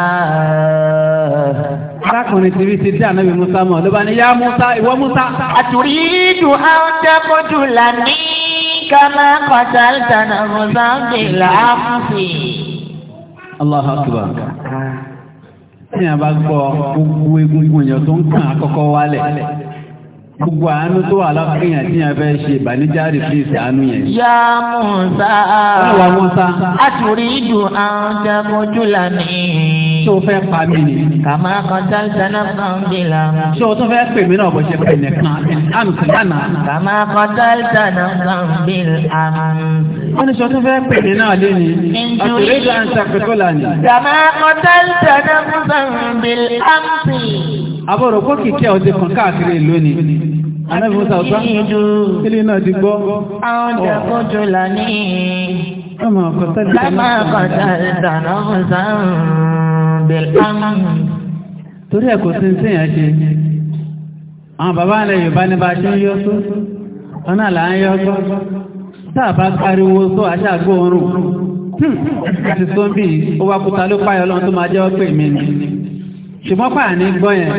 arákùnrin tìbí ti dí ànábì Musa mọ̀ ló bá ní yá Musa ìwọ Musa. àtúrí ìdùn àwọn dẹ́kọ̀jù lànà kama kọ̀tàlítà náà Musa bèèrè àfúnfè. Allahu akbar tí a bá gbọ́ gbogbo egungun yẹn tó ń kàn àkọ́kọ́ wálẹ̀. Gbogbo àánú tó wà láfíyàn tí yẹn ṣe ìbànújáde fi ìsànú yẹn. Yá Mùsá. Ẹ̀wà Mùsá. A tún rí ìdùn àwọn jagunjú lánìí. Ṣé o fẹ́ pa mí ni? Kàmá kan tálísà náà kan bí la. Ṣé o tún fẹ́ pè mí náà bó ṣe pè ní kan? Àmì kàná. Kàmá kan tálísà náà kan bí la. Wọ́n ní ṣe o tún fẹ́ pè mí náà lé ni? Àtúrí ìdùn àwọn jagunjú lánìí. Kàmá kan tálísà kan bí la àbọ̀rọ̀ kó kìkẹ́ ọdẹ kan káàkiri ìlú ni anábì musa ọ̀tá kílí náà ti gbọ́ àwọn jẹ́kọ́jọ́ là ní ọmọ ọ̀kọ̀tà ìdáná musa bẹ̀rẹ̀ torí ẹ̀kọ́ sí sí yẹn ṣe àwọn bàbá rẹ̀ yorùbá ní bá ṣe ń yọ́ tó ọ̀nà là ń yọ́ tó sáàbá pariwo tó aṣáàgbó oorun hm. tí sọ́ńbì ó wá kúta ló páyọ̀ lọ́n tó máa jẹ́ ọ́ pè ṣùgbọ́n pàà ní gbọ́ yẹn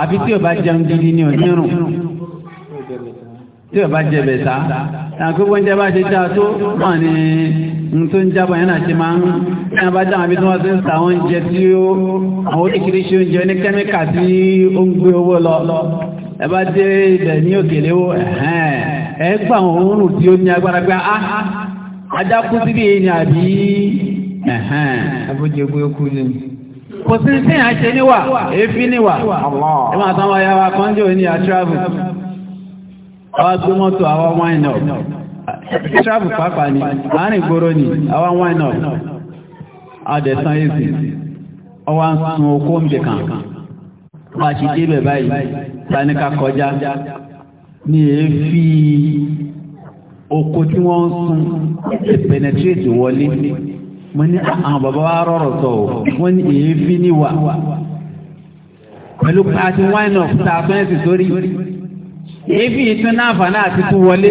àbí tí o bá jẹun gidi tí o bá jẹ bẹ̀ta àgbẹ̀ oúnjẹ bá ṣe tó wọ́n ní n tó ń jábọ̀ yẹn náà ṣe máa ń ní abájá àbí tí wọ́n ti ń ta oúnjẹ tí ó àwọn oúnjẹ ní kẹ́míkà tí ó ń gbé owó lọ ẹ bá dé ibẹ̀ ní òkèlè ẹ gbà òórùn tí ó ní agbára ah, ajá kú síbi ni àbí. kò sí sí àṣẹ níwà èéfín níwà ẹ máa tán wa kan àwọn gbé mọ́tò àwọn wine ni láàrin ìgboro awa àwọn wine àdẹ̀sán èsì ọwá ń sun okó ń kankan kàn bá débẹ̀ báyìí táníkà kọjá ní èéfí okó tí wọ́n penetrate wọlé mo ní ah, àwọn bàbá wa rọrọ̀ sọ o wọ́n ní èéfín ní wa pẹ̀lú pàtí wine of tààtúnẹ̀sì sórí èéfín ìtún náà fà náà ti tún wọlé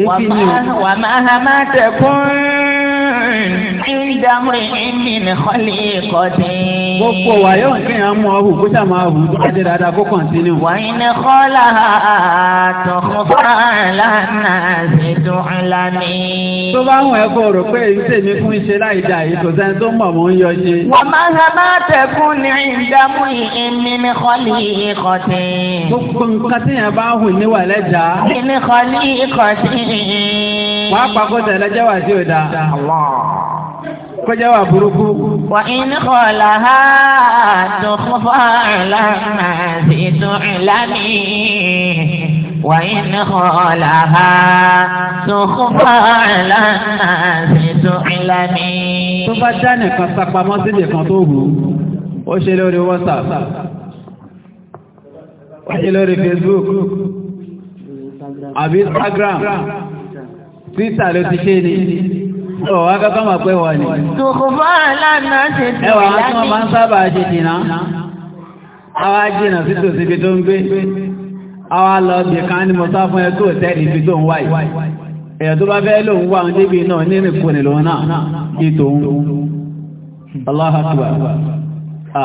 èéfín ní o. wà máa ha máa tẹ̀kún ìdáhùn ìmìnì kọ́lé kọ́dé. gbogbo wa yóò fi hàn mọ́ ọ̀hún kó sàmà ọ̀hún tó ajé dáadáa kó kọ̀ǹtínú. wàyín kọ́lá àtọ̀kùn fàlà náà ṣe dùn lánì. tó bá ń wọ ẹ̀kọ́ rò pé ìṣe mi fún iṣẹ́ láì dà yìí kò sẹ́ni tó mọ̀ mọ́ ń yọ ṣe. wọ́n máa ń sábà tẹ̀kún ní ìdáhùn ìmìnì kọ́lé kọ́dé. gbogbo nǹkan tí yẹn kọjá wà burúkú. wà inú kọlà ha tó fọ́fọ́ lánà sí tó ìlànà wà inú kọlà ha tó fọ́fọ́ lánà sí tó ìlànà. tó bá já nìkan sapamọ́ síbi kan tó wù ú ó ṣe lórí WhatsApp ó ṣe lórí Facebook àbí Instagram Twitter ló ti ṣe ni. Ọ̀ wá kọ́kọ́ mọ̀ pé wọ̀ ni. Tòkòfà lánà ṣe tì láti. Ẹwà wọn tí wọ́n máa ń sábà ṣe jìnnà. Àwa jìnnà sí tòsí ibi tó ń gbé. Àwa lọ bì kan ní mo sá fún ẹ tó tẹ́lì ibi tó ń wá yìí. Ẹ̀yà tó bá fẹ́ lòun wà ń débi náà ní ìrìnkúnni lòun náà. Ètò òun. Allahu Akbar.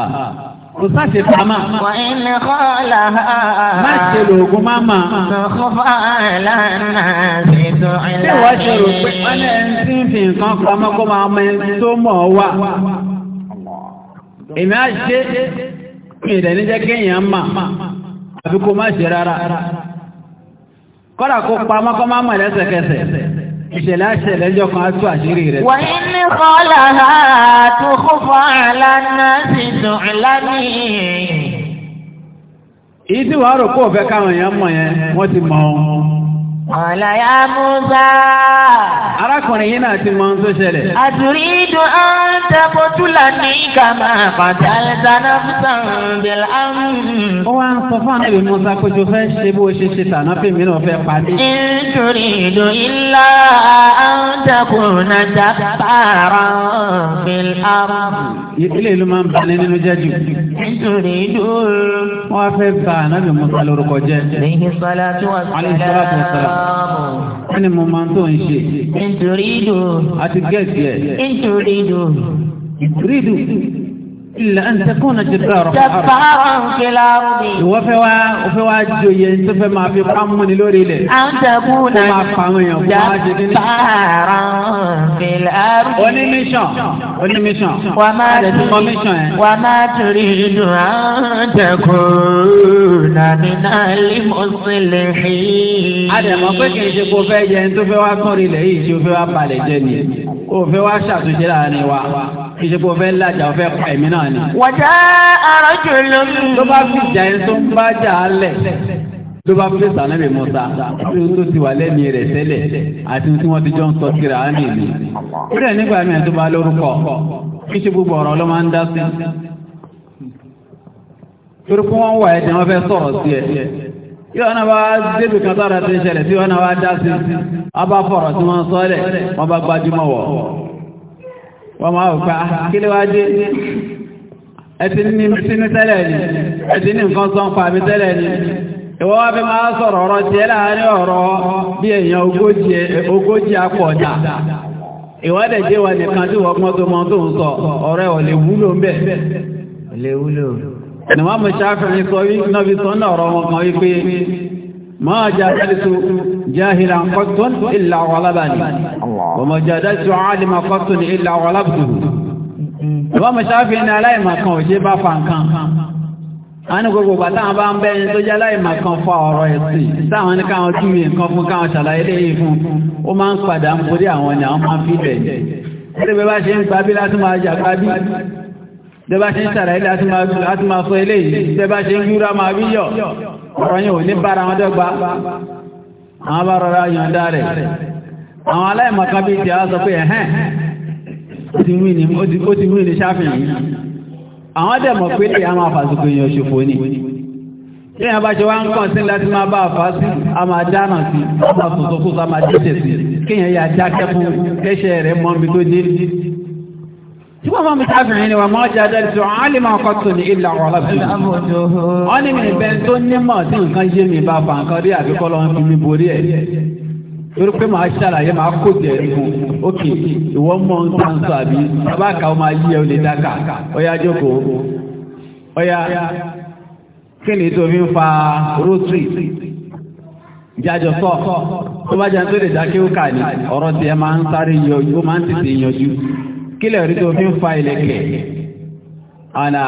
Ah. Kùsà ṣe pamá. Wọ́n ní kọ́lá. Má ṣe lòògùn má mà. Sọ̀kọ́fà lánà ṣètò ìlànà. Ṣé wàá ṣe rò pé wọ́n ní ẹni tí ń fi nǹkan pamọ́ kó máa mọ ẹni tó mọ̀ ọ́ wà? Èmi á ṣe ìdẹ̀ níjẹ́ kéèyàn mà àbí kó má ṣe rárá. Kọ́dà kó pamọ́ kó má mọ̀ lẹ́sẹ̀kẹsẹ̀ ìṣẹ̀lẹ̀ àṣẹlẹ̀ ẹjọ́ kan á tú àṣírí rẹ̀. wọ́n ní kọ́lá tó kó fún àlànà sí dùn lánì. èyí wàá rò pé òfẹ́ káwọn èèyàn mọ̀ yẹn wọ́n ti mọ̀ ọ́n. Ọ̀la ya Musa. Arákùnrin yìí náà ti mọ ohun tó ṣẹlẹ̀. Àtúrí ìdùn án tẹ́kọ̀ túlà ní kàmá pàtà ìdáná fúsàn bẹ̀rẹ̀ àrùn. Ó wá ń sọ fún àbí Musa pé tó fẹ́ ṣe bó ṣe ṣe tàná fún mi náà fẹ́ parí. Nítorí ìdùn ilá án tẹ́kọ̀ náà dábàárà bẹ̀rẹ̀ àrùn. Ilé ìlú máa ń bani nínú jẹ́ jù. Nítorí ìdùn. Wọ́n fẹ́ ba ànábì wọ́n ní mo máa ń tó ń ṣe. nítorí ìdò. àti gẹ̀ẹ́sì ẹ̀. nítorí ìdò. ìdúrídù ilẹ̀ ń sẹ́kùn náà jẹ́bẹ̀rọ̀ àrùn. ìwọ fẹ́ wá o fẹ́ wá joyè tó fẹ́ máa fi pa mọ́ni lórí ilẹ̀. à ń sẹ́kùn náà kó máa pa àwọn èèyàn kó máa jẹ kíní. oní mission oní mission. wà á máa tún mọ mission yẹn. wà á máa tún rí inú à ń sẹ́kùn náà nínú àlímọ́sílẹ̀ yìí. a dẹ̀ mọ̀ pé kì í ṣe kó fẹ́ yẹn tó fẹ́ wá kọ́rin ilẹ̀ yìí tí o fẹ́ wá balẹ̀ jẹ́ ni o fẹ́ wá ṣàtúnṣe láàrin wa kìí ṣe bó fẹ́ lajà ọ̀fẹ́ pa èmi náà ni. wọ́jà àròjù ló ń. ló bá fi jà ẹ́ tó ń bá jà á lẹ̀ ló bá fi sànà mi Mùsá tó tó ti wà lẹ́mìí rẹ̀ tẹ́lẹ̀ àti tí wọ́n ti jọ ń sọ kiri à ń nìyí. bílẹ̀ nígbà mìíràn tó bá lórúkọ kìí ṣe ló máa ń dá sí. torí pé wọ́n wà ẹ̀ tí fẹ́ sọ̀rọ̀ sí ẹ̀ yóò náà wá débi kan sára ti ń ṣẹlẹ̀ tí wọ́n náà dá sí i bá fọ̀rọ̀ tí wọ́n sọ ẹ̀ bá gbajúmọ̀ wọ̀ wọ́n máa wùpá ah, kí ló wá dé ẹtì ní sínú tẹ́lẹ̀ ni ẹtì ní nǹkan sọ ń pa mi tẹ́lẹ̀ ni ìwọ́ wá fi máa sọ̀rọ̀ ọ̀rọ̀ tiẹ̀ láàárín ọ̀rọ̀ bí èèyàn ogójì apọ̀ ọ̀dà ìwádẹ̀ jẹ́ wa nìkan tí wọ́n gbọ́n tó mọ́ tó ń sọ ọ̀rẹ́ ò lè wúlò ń bẹ̀. lè wúlò. ẹ̀nà wọn mi sọ wí náà fi sọ náà ọ̀rọ̀ wọn kan wípé ما جادلت جاهلا قط إلا غلبني وما جادلت عالما قط إلا غلبته وما شافي إن لا يمكن وجيبا فانكان àánú gbogbo bàtà bá ń bẹ́ni tó jẹ́ láìmà kan fa ọ̀rọ̀ ẹ̀sìn táwọn ní káwọn tún mi nǹkan fún káwọn ṣàlàyé lẹ́yìn fún ó máa ń padà ń borí àwọn ni àwọn máa ń fi bẹ̀ tẹ́bá ṣe ń ṣàrà ilé àti máa sọ ilé yìí tẹ́bá ṣe ń yúra máa bí yọ̀ ọ̀rọ̀ yìí ò ní bára wọn dọ́gba àwọn bá rọra yọ̀ǹda rẹ̀ àwọn aláìmọ̀kan bíi ti sọ pé ẹ̀hẹ́n ó ti wí ní ṣáfihàn yìí àwọn dẹ̀mọ̀ pé lè a máa tí wọ́n máa mú sáfìrin ni wọ́n máa jẹ́ adájọ́ alìmọ̀ ọkọ̀ tó ní ilẹ̀ ọ̀rọ̀ ọlọ́bìnrin. wọ́n ní mi bẹ́ẹ̀ tó nímọ̀ tí nǹkan yé mi bá fa nǹkan rí àbíkọ́ lọ́wọ́ fi mi borí ẹ̀. torí pé màá ṣàlàyé màá kó jẹ fún òkè ìwọ mọ ohun tó ń sọ àbí bàbá àkà ó máa yí ẹ lè dáka ọyá jókòó ọyá kí ni tó fi ń fa rótì jájọ sọ tó bá jẹun tó lè dákẹ́ ó kà ní ọ̀rọ̀ tiẹ̀ máa ń sáré yọjú ó máa ń tètè yọjú kílẹ̀ rí tó fi ń fa ilẹ̀kẹ̀ àná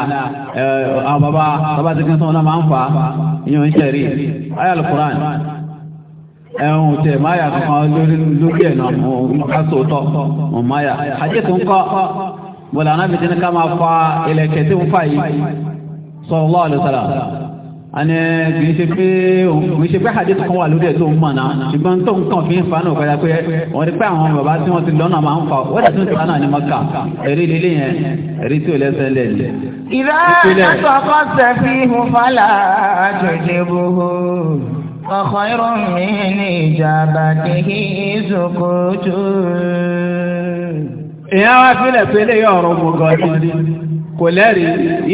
àwọn bàbá bàbá ti kí sọ́wọ́n náà máa ń fa ìyọ̀n iṣẹ́ rí ayàlù Qur'an ẹ̀hùn tẹ̀ máyà kankan lórí lórí ẹ̀nà kásòótọ́ ọ̀máyà àjẹ́tù ń kọ́ bọ̀lá náà fi ti ní ká máa fa ilẹ̀kẹ̀ tí ń fa yìí sallallahu alaihi àni kìí ṣe pé òun ṣe pé hadith kan wà lórí ẹ̀ tó ń mọ̀ náà ṣùgbọ́n tó ń kàn fi ń fa náà kọjá pé wọ́n rí pé àwọn bàbá tí wọ́n ti lọ́nà máa ń fa wọ́n tẹ̀sí ìtura ní mọ́kà ẹ̀rí lílé yẹn ẹ̀rí tí ò lẹ́sẹ̀ lẹ̀ lẹ̀. ìlà àtọkọ sẹfí ìhùfàlà àjòjì gbogbo ọkọ irun mi ní ìjàmbá kì í sokoto. ìyá wa fi kò lẹ́rí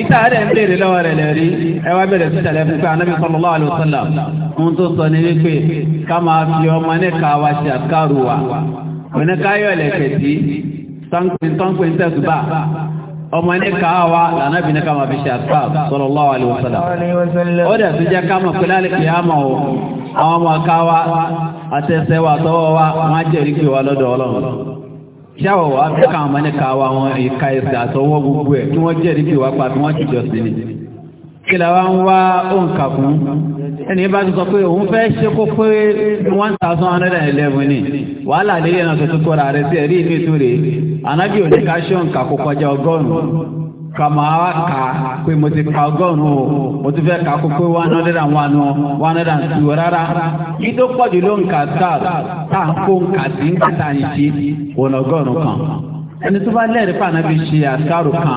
ìta rẹ̀ ń bèèrè lọ́wọ́ rẹ̀ lẹ́rí ẹwà bẹ̀rẹ̀ sí tẹ̀lẹ̀ fún pé anábì sallallahu alaihi wasallam ohun tó sọ ní wípé ká máa fi ọmọ nẹ́ka wa ṣe àkárù wa oníkáyọ̀ lẹ́kẹ̀tì tọ́ǹpin tẹ̀sùbà ọmọ nẹ́ka wa lànàbì nẹ́ka máa fi ṣe àkárù sallallahu alaihi wasallam ó dẹ̀ tó jẹ́ ká mọ̀ pé ṣáwọ̀ wá bí káwọn ọmọ níka wa wọn ìka ẹsẹ̀ àtọwọ́ gbogbo ẹ̀ kí wọ́n jẹ́rìí kí wá pa tí wọ́n jùjọ sí ni kí la wá ń wá òǹkà fún ẹni bá ti sọ pé òun fẹ́ ṣe kó pé one thousand hundred and eleven ni wàhálà lélẹ̀ náà tuntun kọ́ra rẹ̀ sí ẹ̀rí ìlú ìtúre ànábì ká ṣe òǹkà kó kọjá ọgọ́rùn-ún ka máa wá kà á pé mo ti ka ọgọ́rùn-ún o mo ti fẹ́ kà á kó pé one hundred and one one hundred and two rárá kí tó pọ̀ jù ló ń kà sáà tá à ń kó ń kà sí ń kà tá à ń ọgọ́rùn-ún kan ẹni tó bá lẹ́rìí fàánà fi ṣe àṣàrò kan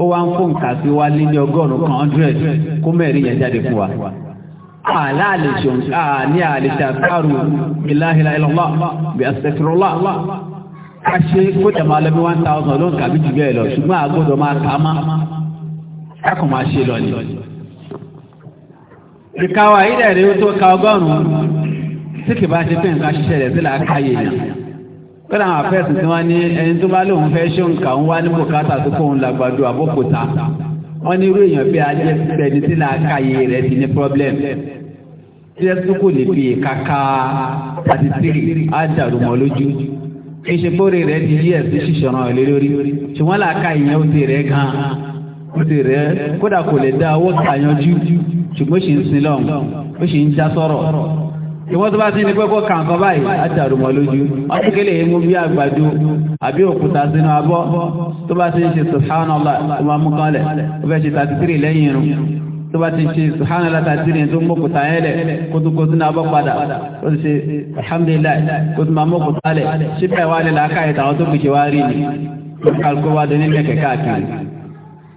ó wá ń kó nǹkan sí wá lé ní ọgọ́rùn-ún kan hundred kó mẹ́rin yẹn jáde fún wa. àlá àlè ṣe àní àlè ṣe ìlàhìlà ìlọ́lá bí àṣẹṣẹ́rọ́lá ká ṣe kó tẹ̀ máa lọ bí one thousand lóun tàbí jù bẹ́ẹ̀ lọ ṣùgbọ́n àgbọ̀dọ̀ máa kà á má kákò máa ṣe lọ ni. ìkàwá yìí rẹ̀ rí ó tó ka ọgọ́rùn-ún tí kì bá ṣe pé nǹkan ṣiṣẹ́ rẹ̀ sí làákàyè yìí. pẹ̀lú àwọn afẹ́sùn tí wọ́n ní ẹni tó bá lóun fẹ́ ṣé òǹkà òun wá ní bùkátà tó kóun làgbàdo àbókòtà wọ́n ní irú èèyàn bí ajẹ́ pẹ̀lú sí làákàyè rẹ̀ ti ní pọ́blẹ́mù tí ẹ tún kò lè fi kàkà thirty three á dàrú mọ́ lójú kì í ṣe kórè rẹ̀ ti yí ẹ̀sìn ṣìṣọ̀ràn ọ̀lẹ́ lórí ṣùgbọ́n làákà ìyẹn ó ti rẹ̀ gan ó ti rẹ̀ kódà kò lè dá owó tàyanjú ṣùgbọ́n ṣì ń sin lọ́hùn ó ṣì ń já sọ́rọ̀ ìwọ́n tó bá ti ní pẹ́kọ́ kàǹkan báyìí àtàrùmọ̀ lójú ọdún kélé mú bí àgbàdo àbí òkúta sínú abọ́ tó bá ti ń ṣe subhanallah tó máa mú kanlẹ̀ ó fẹ́ ṣe 33 lẹ́yìn irun tó bá ti ṣe ṣùhánà látàtírí tó mọ́kùtà ẹlẹ̀ kótókótó náà bọ́ padà ó ti ṣe alhamdulillah kótó máa mọ́kùtà lẹ̀ ṣípẹ́ wà lè lákàáyé tàwọn tó fi ṣe wá rí ni kálukó wá dún nílẹ̀ kẹ̀kẹ́ àkàrí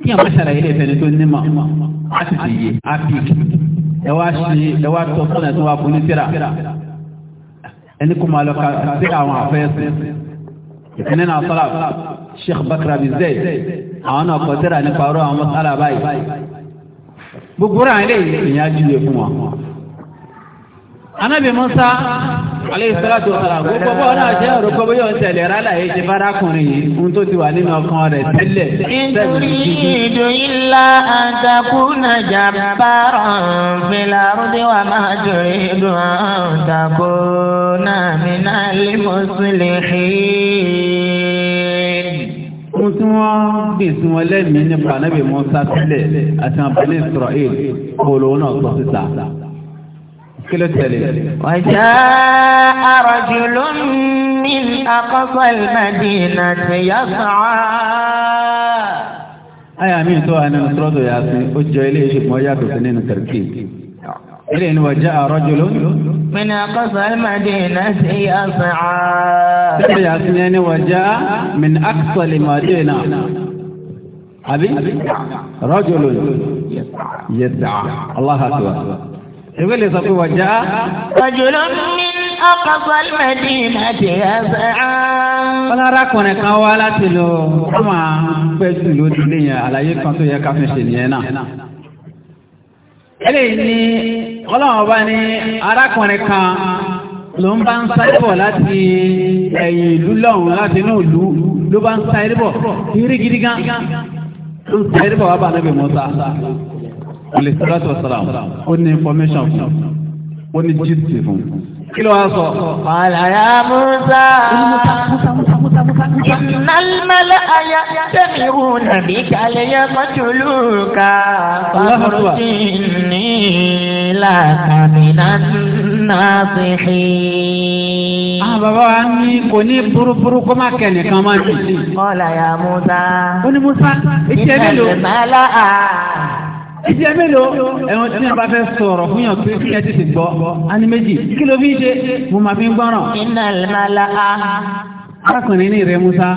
kí àwọn aṣàrà ilé ìfẹ́ni tó nímọ̀ á sì ti yé á fi ẹ wá ṣe ẹ wá tọ́ sọ́nà tó wá fún ní síra ẹni kò máa lọ ka sí àwọn àfẹ́sẹ̀ ìpínlẹ̀ náà sọ́ra Sheikh Bakr Abi Zayd àwọn náà kọ́ gbogbo rẹ̀ àìlè ìyá jíye fún wọn. anábì musa aleyhisalatu wasala gbogbo bọ́ náà jẹ́ ọ̀rọ̀ gbogbo yóò tẹ̀lé rálá yìí ṣe fárákùnrin yìí ohun tó ti wà nínú ọkàn rẹ̀ tẹ́lẹ̀. nítorí ìdò ilá àtàkùnà jàbárọ̀ fìlàrúdé wà máa jòrè ìdò àtàkùnà mìíràn lè mọ̀ sílẹ̀ xìí. Ogun tí wọ́n gbìn sí wọn lẹ́mìí nípa náàbì Mùsá sílẹ̀ àti àbúlé Israel kòrò náà sọ síta. Kílẹ̀ tẹ̀lé. Wàjá àrọ̀jùlọ ní àkọ́kọ́ ìmọ̀dínà ti yásọ̀ Aya mi tó wà nínú tọ́lọ́dọ̀ yà ó jẹ́ ilé ìṣègùn ọjà tó sí nínú Tẹ̀rẹ̀kì. إلين وجاء رجل من أقصى المدينة يسعى تبع سنين وجاء من أقصى المدينة أبي رجل يسعى الله أكبر يقول لي صفي وجاء رجل من أقصى المدينة يسعى wọ́n ara kùnrin kan wá láti lò ó máa ń pẹ́ sí lójú léyìn àlàyé eléyìí ni ọlọ́run bá ní arákùnrin kan ló ń bá ń sáré bọ̀ láti ẹ̀yìn ìlú lọ́hùn láti inú ìlú ló bá ń sáré kiri gidi gan ló ń sáré bọ̀ wá bá níbi mọ́ta olè sọ́dọ̀tì ọ̀sán ó ní information fún ó ní gist fún kí ló wá sọ. ọ̀làyà musa. musa إن الملأ يأتمرون بك ليقتلوك فاخرجني لك من الناصحين. Ah baba wa ní kò ní burúburú kó má kẹ̀lé kan máa ní. Kọ́lá ya Musa. Ó ní Musa. Ìjẹ́ mélòó? Ìjẹ́ mélòó? Ìjẹ́ mélòó? Ẹ̀wọ̀n tí wọ́n bá fẹ́ sọ̀rọ̀ fún yàn pé kí ti ti gbọ́. A ní méjì. Kí ló fi ń ṣe? Mo máa fi ń gbọ́ràn. Iná ìlànà arákùnrin ní ìrẹ musa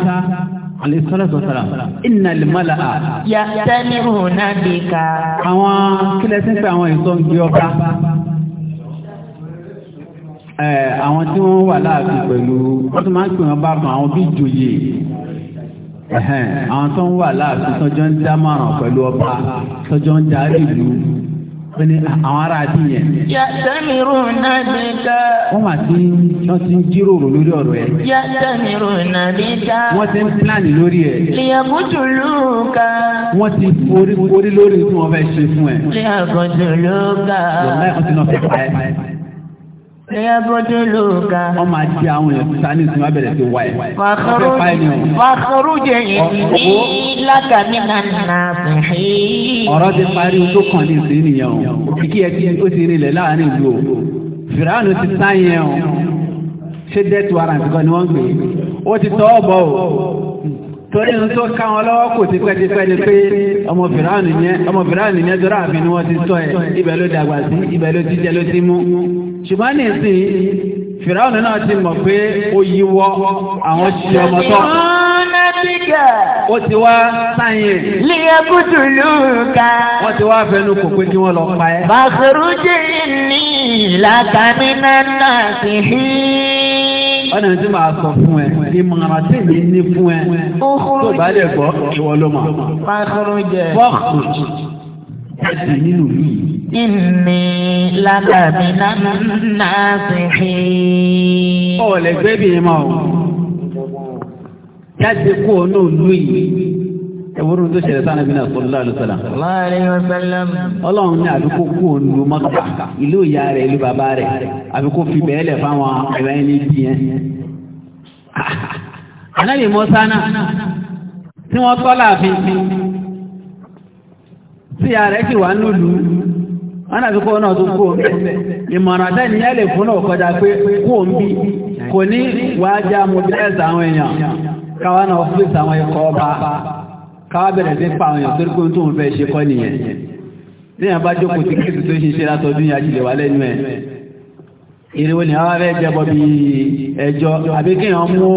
alẹ́sọ́lẹ́sọ́sára iná lèmọ́lá à. yàtẹ́lẹ̀ ònà bí ká. àwọn kílẹ̀ tí ń pẹ́ àwọn ìsọ́ ń gbé ọba. àwọn tí wọ́n wà láàbí pẹ̀lú wọ́n tún máa ń pè wọ́n bá kan àwọn bí ìjòyè àwọn tó ń wà láàbí tọ́jọ́ ń dá márùn-ún pẹ̀lú ọba tọ́jọ́ ń darí ìlú wọ́n ní àwọn ará àti yẹn. yàtẹ̀mìrú náà bí ká. wọ́n máa ti wọ́n ti ń jíròrò lórí ọ̀rọ̀ ẹ̀. yàtẹ̀mìrú náà bí ká. wọ́n ti ń pílánì lórí ẹ̀. lìyàgùtù lóòkà. wọ́n ti orí orí lórí tí wọ́n fẹ́ ṣe fún ẹ. lìyàgùtù lóòkà. wọ́n náà wọ́n ti náà fẹ́ pa ẹ́. Ẹyẹ bọ́jú lóga. Wọ́n máa di àwọn èèyàn tí sani sinmi abẹ́rẹ́ ti wá ẹ̀. ìdí lákàmì nàná Ọ̀rọ̀ ti parí ojú kan ní ìsìn nìyẹn o. Kìkì ẹ ti ó ti rinlẹ̀ láàárín ìlú o. Fìràánù ti sáyẹn o. Ṣé dẹ́tu ara nǹkan ni wọ́n gbé? Ó ti tọ́ ọ̀bọ o torí ń tó ká wọn lọ́wọ́ kò ti pẹ́tipẹ́ ni pé ọmọ fìràánù yẹn ọmọ fìràánù yẹn dọ́rọ̀ àbí ni wọ́n ti sọ ẹ̀ ibẹ̀ ló dàgbà sí ibẹ̀ ló ti jẹ ló ti mú ṣùgbọ́n nìsín fìràánù náà ti mọ̀ pé ó yíwọ́ àwọn ṣe ọmọ tọ́ ó ti wá sáyẹn. líyà kùtù lùkà. wọ́n ti wá fẹnu kò pé kí wọ́n lọ pa ẹ́. bàkúrú jẹ́ ní ìlàkàmínà náà sì hí ọ̀nà tí màá sọ fún ẹ ìmọ̀ràn tí mi ní fún ẹ tó bá lè gbọ́ ìwọ ló mọ̀. fọ́ọ̀kù jáde nínú mi. Ìní lábàbí náà sì fi. Ọ̀lẹ́gbẹ́bí mọ̀ jáde kúrò náà lóyè. ẹwúrú tó ṣẹlẹ̀ sáà nàbí náà sallallahu alaihi ní àbíkó kú òǹdó mọ́kà ìlú ìyá rẹ̀ ìlú bàbá rẹ̀ àbíkó fi bẹ́ẹ̀lẹ̀ fáwọn ẹni <laughs> tí wọ́n tọ́ láàfin sì wà nílùú náà fi kó náà tó kó ìmọ̀ràn yẹn lè fún náà kọjá pé kó kò ní wàá já ọba káwàbẹ̀rẹ̀ sí pa àwọn èèyàn torí tó ń fẹ́ ṣe kọ́ nìyẹn ní àbá jókòó ti kéèsì tó ṣiṣẹ́ látọdún yà wà lẹ́nu ẹ̀ ìrìnwó ni àwọn ará ẹjẹ́ bọ̀bí ẹjọ́ àbí kéèyàn mú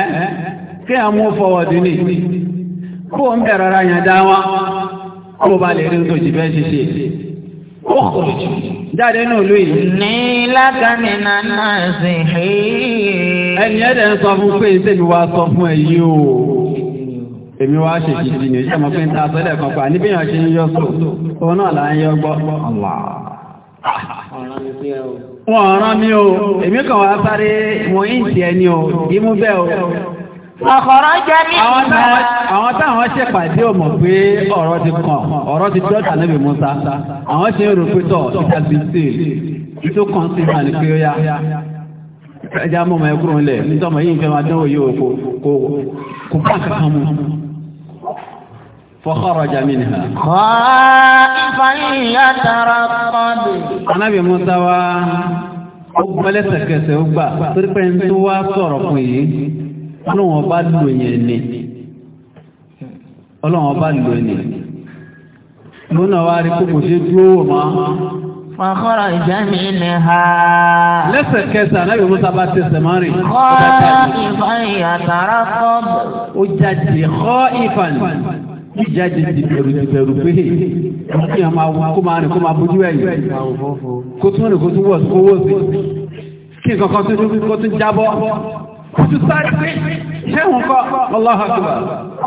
ẹ́ kéèyàn mú fọwọ́dún ní kó ń bẹ̀rẹ̀ ara yàn dá wọn kó ba lè rí tó jì fẹ́ ṣiṣẹ́ ó kọ̀ ẹni ẹ̀dẹ̀ ń sọ fún pé ìṣèlú wa sọ fún ẹ yìí èmi wá ṣe ìdí ní ìṣẹ́ mọ́fín tá a sọ́lẹ̀ kan pa níbi ìyànṣe ń yọ́ sọ òun náà là ń yọ gbọ́ wọ́n rán mi o èmi kan wá sáré wọ́n yìí ti ẹni o ìmú bẹ́ o àwọn táwọn ṣèpàdé ò mọ̀ pé ọ̀rọ̀ ti kàn ọ̀rọ̀ ti dọ́ta níbi Musa àwọn ṣe ń rò pé tọ̀ ìtàbí sí tó kàn sí ìmọ̀ فخرج منها خائفا يترقب النبي موسى gbogbo ẹlẹ́sẹ̀kẹsẹ̀ ó gbà pípẹ́ ń tó wá sọ̀rọ̀ fún yìí ọlọ́run ọba lò yẹn ni ọlọ́run ọba lò ni lónà wá rí kókò ṣe dúró wò má. fàkọ́rọ̀ ìjẹ́mi ni ha. lẹ́sẹ̀kẹsẹ̀ anábì musa bá ti sẹ̀mọ́ rìn. kọ́ ìfọ̀n ìyàtọ̀ rẹ̀ kọ́. ó jáde kọ́ ìfọ̀n jíjáde ti bẹ̀rù ti bẹ̀rù pé kí a máa wọ́n kó máa rìn kó máa bójú ẹ̀yìn kó tún rìn kó tún wọ̀ kó wó sí kí nǹkan kan tún kó tún jábọ́ kó tún sáré pé ṣéwùn kọ́ ọlọ́hà tó wà.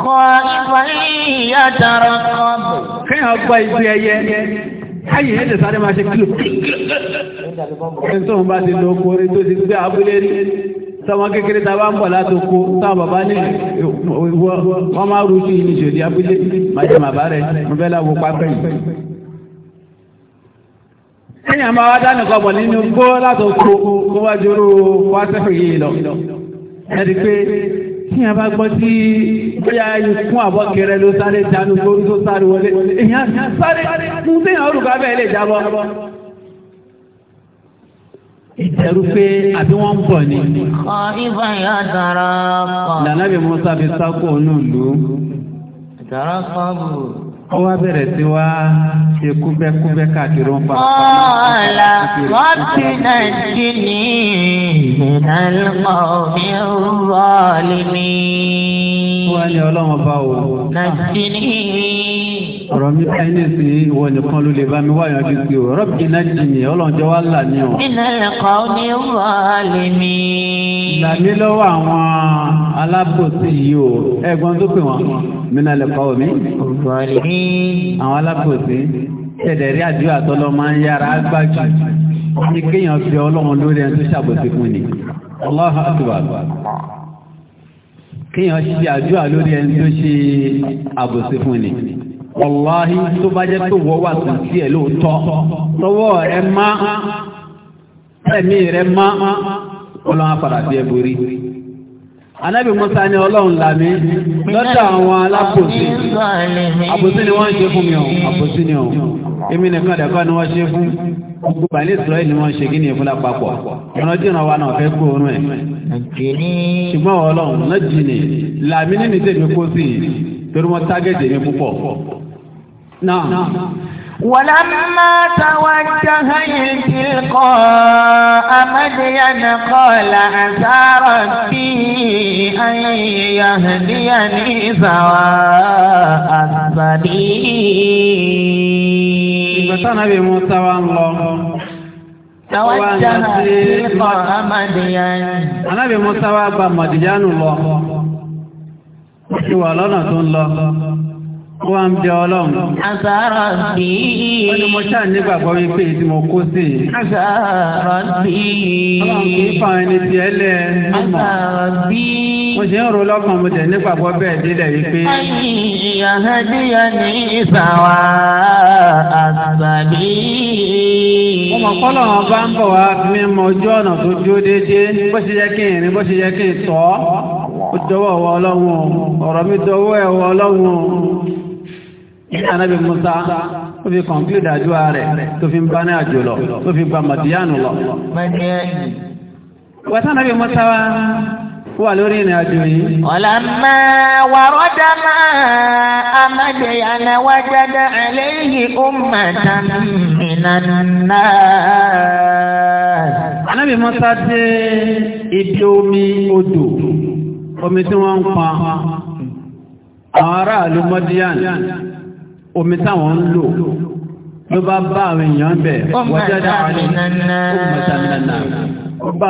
kọ́ aṣọ ìyá dára kan. kéèyàn gbọ́ ibi ẹyẹ ayé yẹn lè sáré máa ṣe kílò kílò kílò. ẹni tó ń bá ti lọ kórè tó ti gbé abúlé rí sọmọ kékeré ta bá ń bọ̀ látò kó táwọn bàbá ní wọ́n máa rú sí ní ìṣòdì abúlé májè màbá rẹ̀ mo fẹ́ láwo pápẹ́ yìí. ẹ̀yìn àmọ́ wa dání kọ́ bọ̀ nínú kó látò kó kó wá dúró wáṣẹ́fù yìí lọ. ẹ pé tí a bá gbọ́ sí bóyá ikún àbọ̀kẹrẹ ló sáré jánu tó sáré wọlé èèyàn sáré mú sí àwọn olùkọ́ abẹ́ ilé ìjábọ̀ ìtẹ̀rù pé àbí wọ́n ń bọ̀ ni. ọ̀ ibà yà dára kọ̀. lànàbì musa fi sáko onílù. dára kọ̀ bù. ó wá bẹ̀rẹ̀ sí wá ṣe kúbẹ́kúbẹ́ káàkiri ń fa. ọ̀la wọ́n ti náà jí ní ìdánilmọ̀ mi rọ́ọ̀lì mi. wọ́n á ní ọlọ́run bá wò. nàìjíríà ọ̀rọ̀ mi fẹ́ ní sí ìwọ nìkan ló lè bá mi wáyàn bí sí o rọ́bì náà jì ní ọlọ́njọ́ wá là ní o. ìnàlẹ́kọ̀ ní wàhálìmí. làmí lọ́wọ́ àwọn alábòsí yìí o ẹ̀gbọ́n tó pè wọ́n mìnàlẹ́kọ̀ mi. wàhálìmí. àwọn alábòsí ṣẹ̀dẹ̀ rí àdúrà tọ́lọ́ máa ń yára gbájú ní kéèyàn fi ọlọ́run lórí ẹni tó ṣàbòsí fún ni. akbar kéèyàn ṣe àdúrà lórí ẹni tó ṣe àbòsí fún ni wàláhí tó bá jẹ́ tó wọ́wà tó sí ẹ̀ lóòótọ́ tọwọ́ rẹ má ẹ̀mí rẹ má ọlọ́run apàdà sí ẹ̀bùrí. Anábì Musa ni ọlọ́run là mí lọ́dọ̀ àwọn alábòsí. Àbòsí ni wọ́n ń ṣe fún mi ọ̀, àbòsí ni ọ̀. Èmi nìkan dẹ̀kọ́ ni wọ́n ṣe fún. Gbogbo àìní ìsúra ìlú wọn ṣe kí ni ìfúnlá papọ̀. Ọ̀nà dìran wa náà fẹ́ kó oorun ẹ̀. Ṣùgbọ́n ọlọ́run náà jìnnì làmí nínú ìtẹ̀mí kó sí i. Torí wọn tágẹ̀jẹ̀ mi púpọ̀. نعم ولما توجه تلقاء مدين قال عسى ربي أن يهديني سواء السبيل. بسنة بموسى الله توجه تلقاء مدين. أنا بموسى وأبا مديان الله. ولا نتون الله wọ́n ń bẹ ọlọ́run. àṣàrọ̀ bí. wọ́n ní mo ṣáà nígbàgbọ́ wípé tí mo kó sí. àṣàrọ̀ bí. ọlọ́run kì í fa ẹni tí ẹ lẹ mímọ́. àṣàrọ̀ bí. mo ṣe ń ro lọ́kàn mo tẹ̀ nígbàgbọ́ bẹ́ẹ̀ délẹ̀ wípé. àyíyàhádìyà ní ìsàwà àgbàdì. mo mọ̀ kọ́ lọ́wọ́ bá ń bọ̀ wá mi mọ ojú ọ̀nà tó dúró déédéé bó ṣe yẹ kí n rìn bó ṣe yẹ kí n tọ́ ó dọwọ́ ọ̀wọ́ ọlọ́run ọ̀rọ̀ mi dọwọ́ ẹ̀wọ́ ọlọ́run anabi musa ó fi kọ̀mpútà àdúrà rẹ̀ tó fi ń bá ní àjò lọ tó fi gba màdíyànù lọ. wàtá musa wa wà lórí ìrìn àjò yìí. ọ̀làmà wàrọ́dà máa amadéyàna wájádá àléyìí ummatan minan nas. anabi musa dé ibi omi odò omi tí wọ́n ń pa àwọn aráàlú mọ́díyànù omi táwọn ń lò ló bá bá àwọn èèyàn bẹ̀ wọ́jọ́dá ọmọdánilá ó bá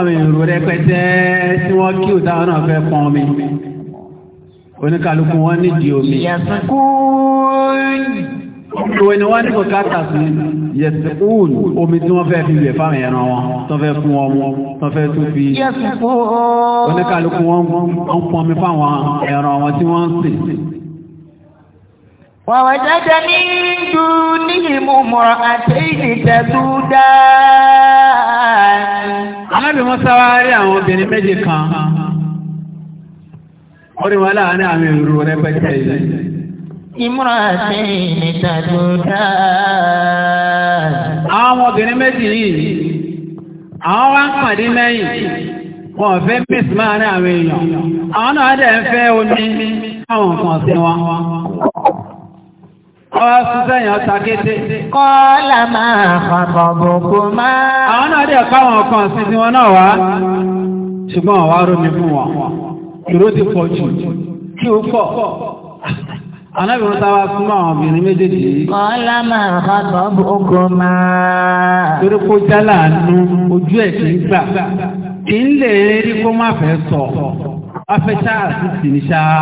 oníkàlùkù wọ́n nídìí omi ìwé ni wọ́n ní kò yẹ̀sùkúùn omi tí wọ́n fẹ́ fi wẹ̀ fáwọn ẹran wọn tó fẹ́ fún ọmọ tó fẹ́ tó fi oníkàlùkù wọ́n pọn omi fáwọn ẹran wọn tí wọ́n ń ووجد من دونهم امرأتين تذودان Ànábì Mùsá wá rí àwọn obìnrin méjì kan, orí wọn láàárín àmì ìrù rẹpẹtẹ ilẹ̀. Imra'atayn tazudan. Àwọn obìnrin méjì yìí, àwọn wá ń pàdé mẹ́yìn, wọ́n fẹ́ mìsì máa rí àwọn èèyàn. Àwọn náà dẹ̀ ń fẹ́ omi, àwọn nǹkan sí wọn. Ọwọ́ ṣiṣẹ́ yàn takété. Kọ́lá máa kọ̀bọ̀ bòkó máa. Àwọn náà dẹ̀ káwọn kan sí tí wọ́n náà wá. Ṣùgbọ́n àwa rómi fún wọn. Ìró ti pọ̀ jù. Kí o pọ̀. Ànábì wọn táwa àwọn obìnrin méjèèjì yìí. Kọ́lá máa kọ̀bọ̀ bòkó máa. Torí kó jálà nu ojú ẹ̀ kì í gbà. Kì í lè rí kó má fẹ́ sọ. Afẹ́ sì sì ní ṣáà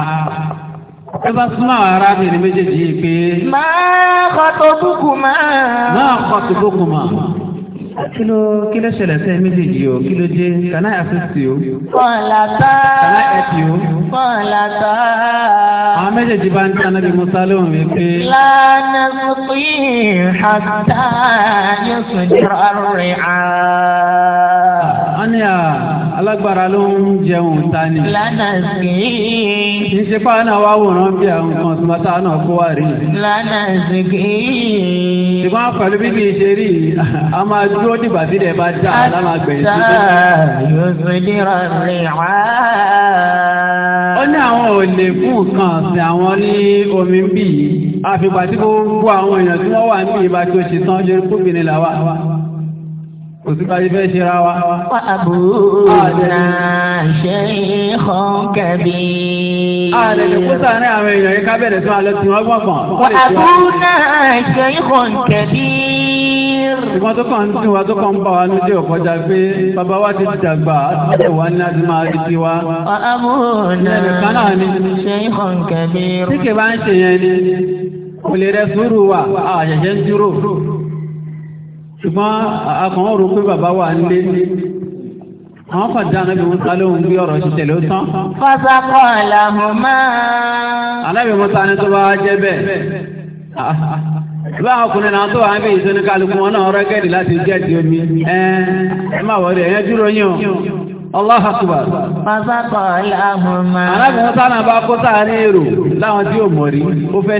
ẹ bá súnmọ́ àwọn arábìnrin méjèèjì yìí pé. máa kọ́tò búkú máa. máa kọ́tò búkú máa. kí ló kí ló ṣẹlẹ̀ sẹ́yìn méjèèjì o kí ló dé can I assist you. kọ́ńlá tá. can I help you. kọ́ńlá tá. àwọn méjèèjì bá ń tẹ́ anábì musa lóhùn mi pé. lánà sùkúrì hàtà yóò sùn jọrọ rẹ̀ á wọ́n ní alágbára ló ń jẹun ta ni. lánàá sí i. kì í ṣe pa náà wá wòran bí àwọn nǹkan tó máa tá náà kó wá rí. lánàá sí i. ṣùgbọ́n pẹ̀lú bí kì í ṣe rí a máa dúró dìgbà tí ilẹ̀ bá dá a láwọn agbẹ̀yìn sí yóò fi dìrọ̀ rí wá. ó ní àwọn ò lè fún nǹkan ọ̀sìn àwọn ní omi ń bì kò ń bú àwọn èèyàn tí wọ́n wà ń bì ṣe tán lórí kóbìnrin làwa kò sí báyìí fẹ́ ṣe ra wa. wà á bú náà ṣe ìhàn kẹbí. ààrẹ lè kó sàárín àwọn èèyàn yìí ká bẹ̀rẹ̀ sí wọn lọ sí wọn gbọ̀ngàn. wà á bú náà ṣe ìhàn kẹbí. ìwọ́n tó kàn ń tún wa tó kàn ń bá wa lójú ọ̀kọ́jà pé bàbá wa ti dàgbà á ti wà ní láti máa rí sí wa. wà á bú náà ṣe ìhàn kẹbí. tí kì bá ń ṣe yẹn ni kò lè rẹ sùúrù wa àṣẹṣẹ ń dúró. ṣùgbọ́n akàn rò pé bàbá wà nílé àwọn fàdá anábì Musa lóhun bí ọ̀rọ̀ ṣiṣẹ́ ló tán. fọ́sàkọ́ làwọn máa. anábì Musa ni tó bá jẹ́ bẹ́ẹ̀. báwọn ọkùnrin náà tó wà ń bí kálukú wọn náà rẹ́gẹ́dì láti jẹ́ ti omi. ẹ ẹ má wọlé ẹ̀yẹ́ dúró yín o. Allah anábì Musa náà bá kó sáà ní èrò láwọn tí mọ̀ rí ó fẹ́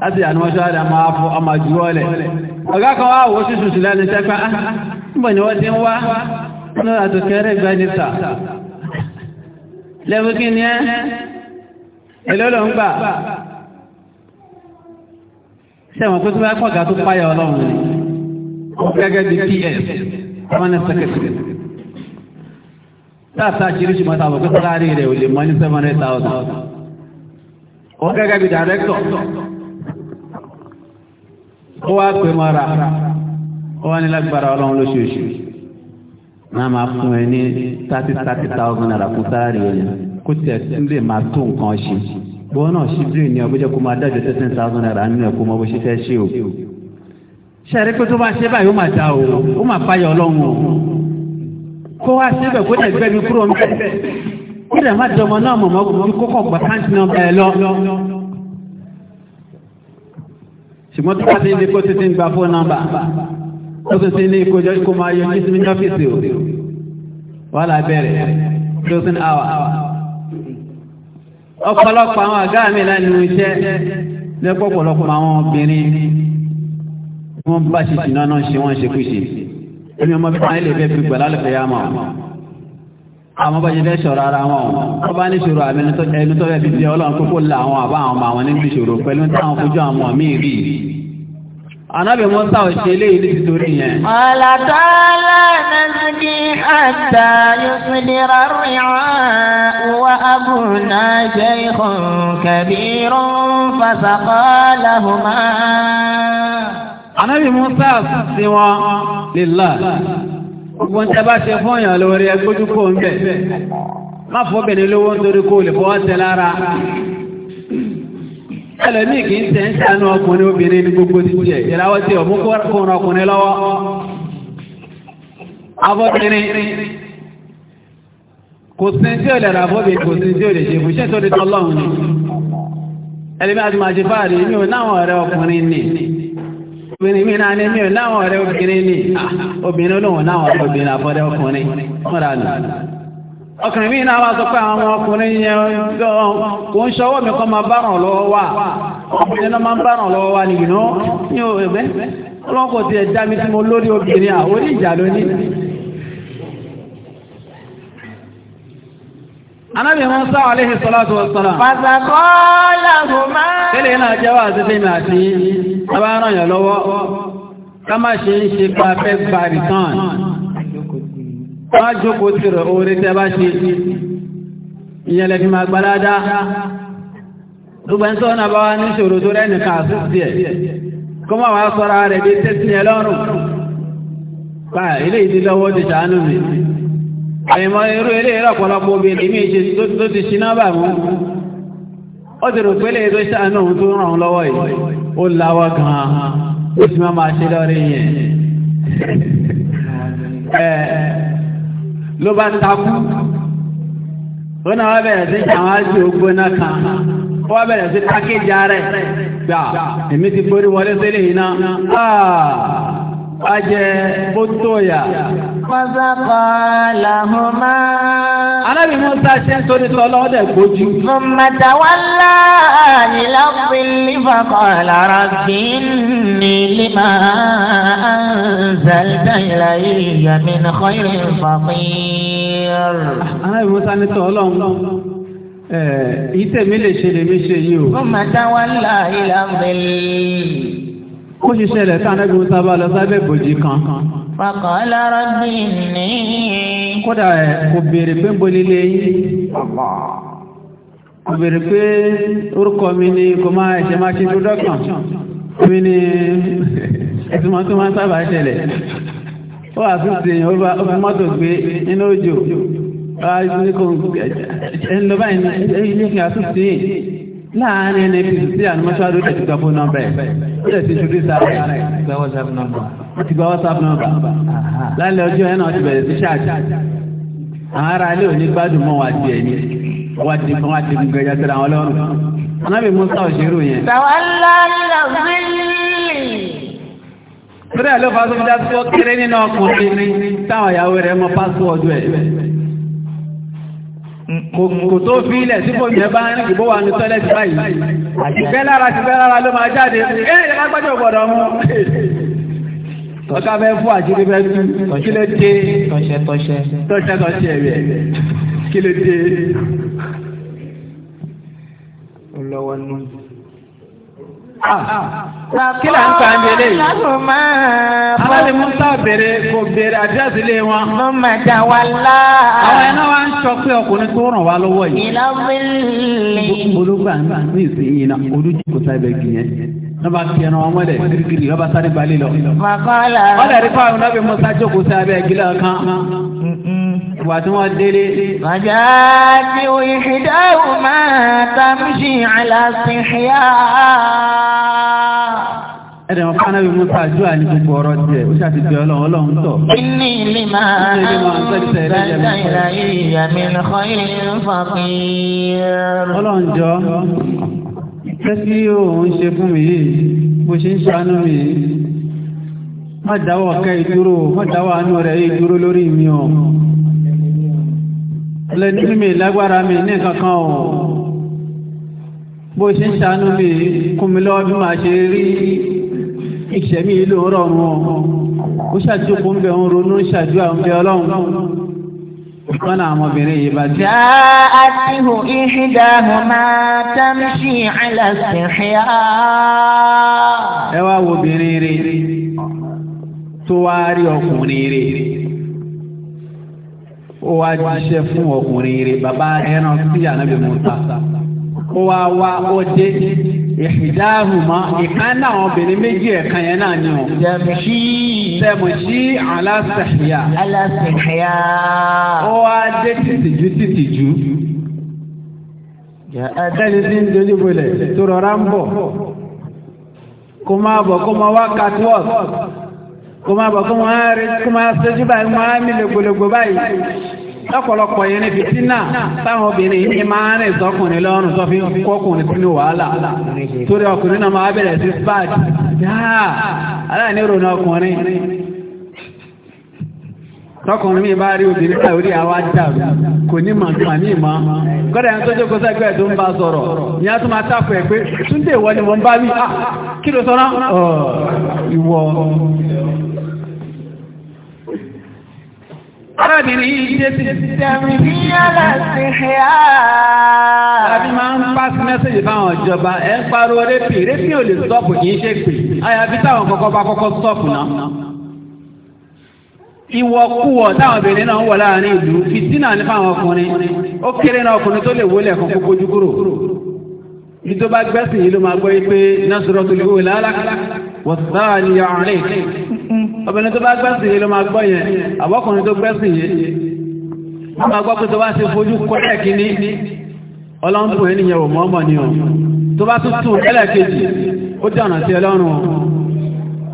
láti àníwọ́ṣọ́ àdá máa fọ ọmọ jùwọ́lẹ̀ ọ̀gá kan wá wò ṣíṣù sí lẹ́nu tẹ́pẹ́ ah, níbọ̀ ni wọ́n ti ń wá lọ́nà tó kẹrẹ gbẹ́nìta lẹ́wọ́ kí ni ẹ́ èlò ló ń gbà sẹ́wọ̀n pé tó bá pọ̀gá tó páyà ọlọ́run ni gẹ́gẹ́ bí ps permanent secretary láàtà ṣíríṣì mọ́ta àwọn pẹ́kọ́ láàrin rẹ̀ ò lè mọ́ ní 700,000 ó gẹ́gẹ́ bí director ó wá pè mọ́ra ó wá ní lágbára ọlọ́run lóṣooṣù náà máa fún ẹ ní thirty thirty thousand naira kún sáárì ẹ̀yìn kó tiẹ̀ tún máa tó nǹkan ṣe bọ́ọ̀ náà ṣíbírì ni ọbẹ̀ jẹ́ kó máa dájọ́ thirteen thousand naira nínú ẹ̀kọ́ mọ́ bó ṣe fẹ́ ṣe o ṣẹ́rí pé tó bá ṣe báyìí ó máa dá o ó máa fàyọ̀ ọlọ́run o kó wá síbẹ̀ kó dẹ̀ gbẹ́mi kúrò ń bẹ̀ kó dẹ̀ má dọmọ náà mọ̀mọ́ kókó gbà ṣùgbọ́n tí wọ́n ti ń lé kó ti ti ń gba fóònù nọ́mbà ó tún ti ní ìkójọ kó máa yọ ní ní ọ́fíìsì o wàhálà bẹ̀rẹ̀ closing hour. ọ̀pọ̀lọpọ̀ àwọn àgá mi lẹ́nu iṣẹ́ lẹ́pọ̀ ọ̀pọ̀lọpọ̀ àwọn obìnrin wọ́n bá ṣe ṣìnà náà ṣe wọ́n ṣe kúṣe èmi ọmọ bí wọ́n á lè bẹ́ẹ̀ fi gbà lálẹ́ fẹ́ yá máa àwọn bá jẹ́ ṣọ̀rọ̀ ara wọn ọ bá ní ṣòro àmì ẹni tó rẹ̀bí jẹ́ ọlọ́run kókó là àwọn àbá àwọn ọmọ àwọn nínú ìṣòro pẹ̀lú táwọn fojú àwọn ọmọ míì rí anábì wọn sáà ṣe eléyìí ní títorí yẹn. ọ̀làtọ́ lánàzìkì àtà yusufira rìnà wa abuna shaykhun gbogbo ń tẹ́bá ṣe fún ọ̀yàn lórí ẹgbójú kò ń bẹ̀ má fọ́bìnrin lówó ń torí kó lè fọwọ́ tẹ lára ẹlòmíì kì í tẹ̀ ń sànú ọkùnrin obìnrin ní gbogbo títí ẹ̀ ìrawọ́ tí ọ̀mú kún ọkùnrin lọ́wọ́ afọ́bìnrin kò sí tí ò lè ra afọ́bìnrin kò sí tí ò lè ṣe fún iṣẹ́ tó lè tọ́lọ́run ni ẹlòmíì àti màṣífàárì ní òun náà ọ̀rẹ́ ọkùnrin ni obìnrin mi náà ní mi ò láwọn ọ̀rẹ́ obìnrin ni ah, obìnrin olóhùn láwọn ọ̀rẹ́ obìnrin àbọ̀dẹ́ ọkùnrin múra nù ọkùnrin mi náà wá sọ pé àwọn ọkùnrin yẹn kò ń ṣọwọ́ mi kọ́ máa bá ràn wà ọkùnrin náà máa ń bá ràn wà nìyí náà ní òwe ọlọ́kọ̀ tiẹ̀ dá mi tí mo lórí obìnrin àwọn oníjà lónìí Anábì Musa aléhì sọ́látù wọ́sọ́lá. Fàtàkọ́ làhùmá. Kílẹ̀ náà jẹ́ wà títí mi àti bàbá ràn yàn lọ́wọ́. Ká má ṣe ń ṣe pa fẹ́ gba rìtàn. Wọ́n jókòó ti rẹ̀ orí tẹ́ bá ṣe. Ìyẹn lẹ́fi máa gbá dáadáa. náà bá wá ní ìṣòro tó rẹ́ni kan àtúntì ẹ̀. Kọ́ máa wá sọ́ra rẹ̀ bí tẹ́sí yẹn lọ́rùn. ilé ìdílọ́wọ́ ti ṣàánú mi àyìnbó irú ilé ìrọ̀pọ̀lọpọ̀ obìnrin mi ṣe tó ti ṣiná bà mú ó ti rò pé lè tó ṣàánú òun tó ràn lọ́wọ́ yìí ó láwọ́ gan-an ó sì máa máa ṣe lọ́rí yẹn <laughs> ló bá takú ó náà wá bẹ̀rẹ̀ sí àwọn ájú ògbóná kan ó wá bẹ̀rẹ̀ sí pákéjì ààrẹ gbà èmi ti forí wọlé sílé yìí náà ah! ajẹ́ bótóyà. Fọ́sọ́kọ́ làhùnmá. Alábì Musa ṣe ń torí tọ́lọ́ ọ̀dẹ̀ gbójú. Mọ̀mọ̀tà wá ńlá nílọ́pì lífọ̀kọ̀ lára kí ni lè máa ń zàlítà ìlà ìyá mi ní kọ́yìrì fàfíìr. Alábì Musa ní tọ́lọ́ ìtẹ̀mí lè ṣe lèmi ṣe yìí o. Mọ̀mọ̀tà wá ńlá ìlà ń bẹ̀lẹ̀ ó ṣiṣẹ́ rẹ̀ tánẹ́gbù sábà lọ sábẹ́ bòjì kan. Fàkànlá rọ́bì ní. Kódà ẹ̀ kò béèrè pé ń bo lílé yín. Kò béèrè pé orúkọ mi ni kò máa ẹ̀ṣẹ̀ máa ṣe dúdọ́ kan. Mi ni ẹ̀sìn máa máa sábà ṣẹlẹ̀. Ó wà fún ìsèyàn ó fi mọ́tò gbé nínú òjò. a tún sí. Láàárín ẹni bí sí àná mọ́ṣáláṣí ó dẹ̀ ti gbà fún nọ́mbà ẹ̀ ó lè ti ṣubú sáré gba whatsapp nọ́mbà ó ti gba whatsapp nọ́mbà lálẹ́ ọjọ́ yẹn náà ti bẹ̀rẹ̀ sí ṣáàjì àwọn ará ilé òní gbádùn mọ́ wa di ẹ̀yìn wá di fún wa di fún gẹ̀yà síra wọn lọ́rùn anábì musa òṣèrú yẹn. tàwálá lọ́wọ́ ló fa sọ́kúndà sọ́kẹ́rẹ́ nínú ọkùnrin táwọn ìyàwó rẹ̀ mọ pásítọ̀ ọdún ẹ̀ kò tó fi ilẹ̀ tí kò jẹ bá ń rìn ìbówà ní tọ́lẹ̀tì báyìí ìfẹ́ lára ti fẹ́ lára ló máa jáde ẹ̀ ẹ̀ má gbọ́dọ̀ gbọ́dọ̀ mú ọ̀ká fẹ́ fún àṣírí fẹ́ tú kí ló dé tọ́ṣẹ́ tọ́ṣẹ́ tọ́ṣẹ́ tọ́ṣẹ́ rẹ̀ kí ló dé ọlọ́wọ́ nù kí là ń kà ń bèrè yìí. aláàbí musa bèrè kò bèrè àdírẹ́sì lé wọn. mo mà dà wà lá. àwọn iná wa ń sọ pé ọkùnrin tó ràn wá lọ́wọ́ yìí. ìlọ́bìlì. olùgbà ń bá ní ìsìn yìí náà olùjìkọ̀ sábẹ̀ gbìyẹn nọba tiẹnu wọn mọlẹ girigiri lọba sáré balẹ lọ. wàkọ́lá. wọ́n lè rí fáwọn náà bí musa jókòó sábẹ̀ gíga kan ìgbà tí wọ́n délé. Bàjá tí o ìṣìdáhù máa tàbí àlàsìhìyà. Ẹ̀rẹ̀ wọn fánà bí Musa jù à ní gbogbo ọ̀rọ̀ jẹ́, ó ṣàti jẹ́ ọlọ́run ọlọ́run tọ̀. Inú ilé máa ń bá ìlàyé ìyàmí lọ́kọ́ Ọlọ́run jọ, tẹ́sí òun ṣe fún mi yìí, bó ṣe ń ṣàánú mi Má dáwọ́ ọ̀kẹ́ ìdúró, má dáwọ́ àánú rẹ̀ ìdúró lórí mi ọ̀ ilé tí mi lágbára mi ní kankan o bó ṣe ń ṣàánú mi kún bí màá ṣe rí ìṣẹ̀mí ìlú rọrùn o ó ṣàtúnkù bẹ ń ronú ṣàdúrà ń bẹ ọlọ́run wọn náà ọmọbìnrin yìí bá ti. já àtìhù ìṣìdáhùn máa tẹ́mṣì àlàsìṣìá. ẹ wá wo obìnrin rere tó wá rí ọkùnrin rere ó wá jíṣẹ́ fún ọkùnrin rẹ̀ bàbá ẹran sí ànábì Musa ó wá wá ó dé ìdáhùnmá ìkan náà obìnrin méjì ẹ̀kan yẹn náà ni ọ̀. jẹ̀mùsí. jẹ̀mùsí aláṣẹ̀yà. aláṣẹ̀yà. ó wá dé títìjú títìjú. ẹni tí ń dojú bolẹ̀ tó rọra ń bọ̀ kó máa bọ̀ kó máa wá catwalk. Kuma máa bọ̀ kó wọ́n á rí kó máa ṣojú báyìí wọ́n á mí lògbòlògbò báyìí lọ́pọ̀lọpọ̀ yẹn ní fìtínà táwọn obìnrin ní máa ń rìn sọkùnrin lọ́rùn tó fi ń kọkùnrin sínú wàhálà torí ọkùnrin náà máa bẹ̀rẹ̀ sí spad dáa aláìní ìrònú ọkùnrin tọkùnrin mi bá rí obìnrin náà orí àwa dàrú kò ní mọ̀ nípa ní ìmọ̀ gọ́dọ̀ ẹni tó jókòó sẹ́gbẹ́ tó ń bá sọ̀rọ̀ ní a tún máa tàpù ẹ̀ pé túndé ìwọ ni wọ́n bá wí ah, kí ló sọ́nà ìwọ Arábìnrin yìí dé sí. Ìdàmì ní aláṣẹ̀hẹ́á. Tàbí máa ń pass message báwọn ìjọba ẹ̀ ń pariwo rẹ́pì rẹ́pì ò lè stop kì í ṣe pè. Àyàfi táwọn kọ́kọ́ bá kọ́kọ́ stop náà. Ìwọ̀kuwọ̀ táwọn obìnrin náà ń wọ̀ láàrin ìlú fìtínà ní fáwọn ọkùnrin. Ó kéré náà ọkùnrin tó lè wọlé ẹ̀kọ́ kó kojú kúrò. Ibi tó bá gbẹ́sìn yìí ló máa gbọ́ yí pé Násìrọ́tò lè wọlé alákàlá. Wọ́n sáà ní obìnrin tó bá gbẹ́sìn yìí ló máa gbọ́ yẹn àbọ́kùnrin tó gbẹ́sìn yìí wọ́n máa gbọ́ pé tó bá ṣe fojú kọ́lẹ̀ kìíní ọlọ́nkùn ènìyàn ni ọ̀ tó bá tuntun ó sí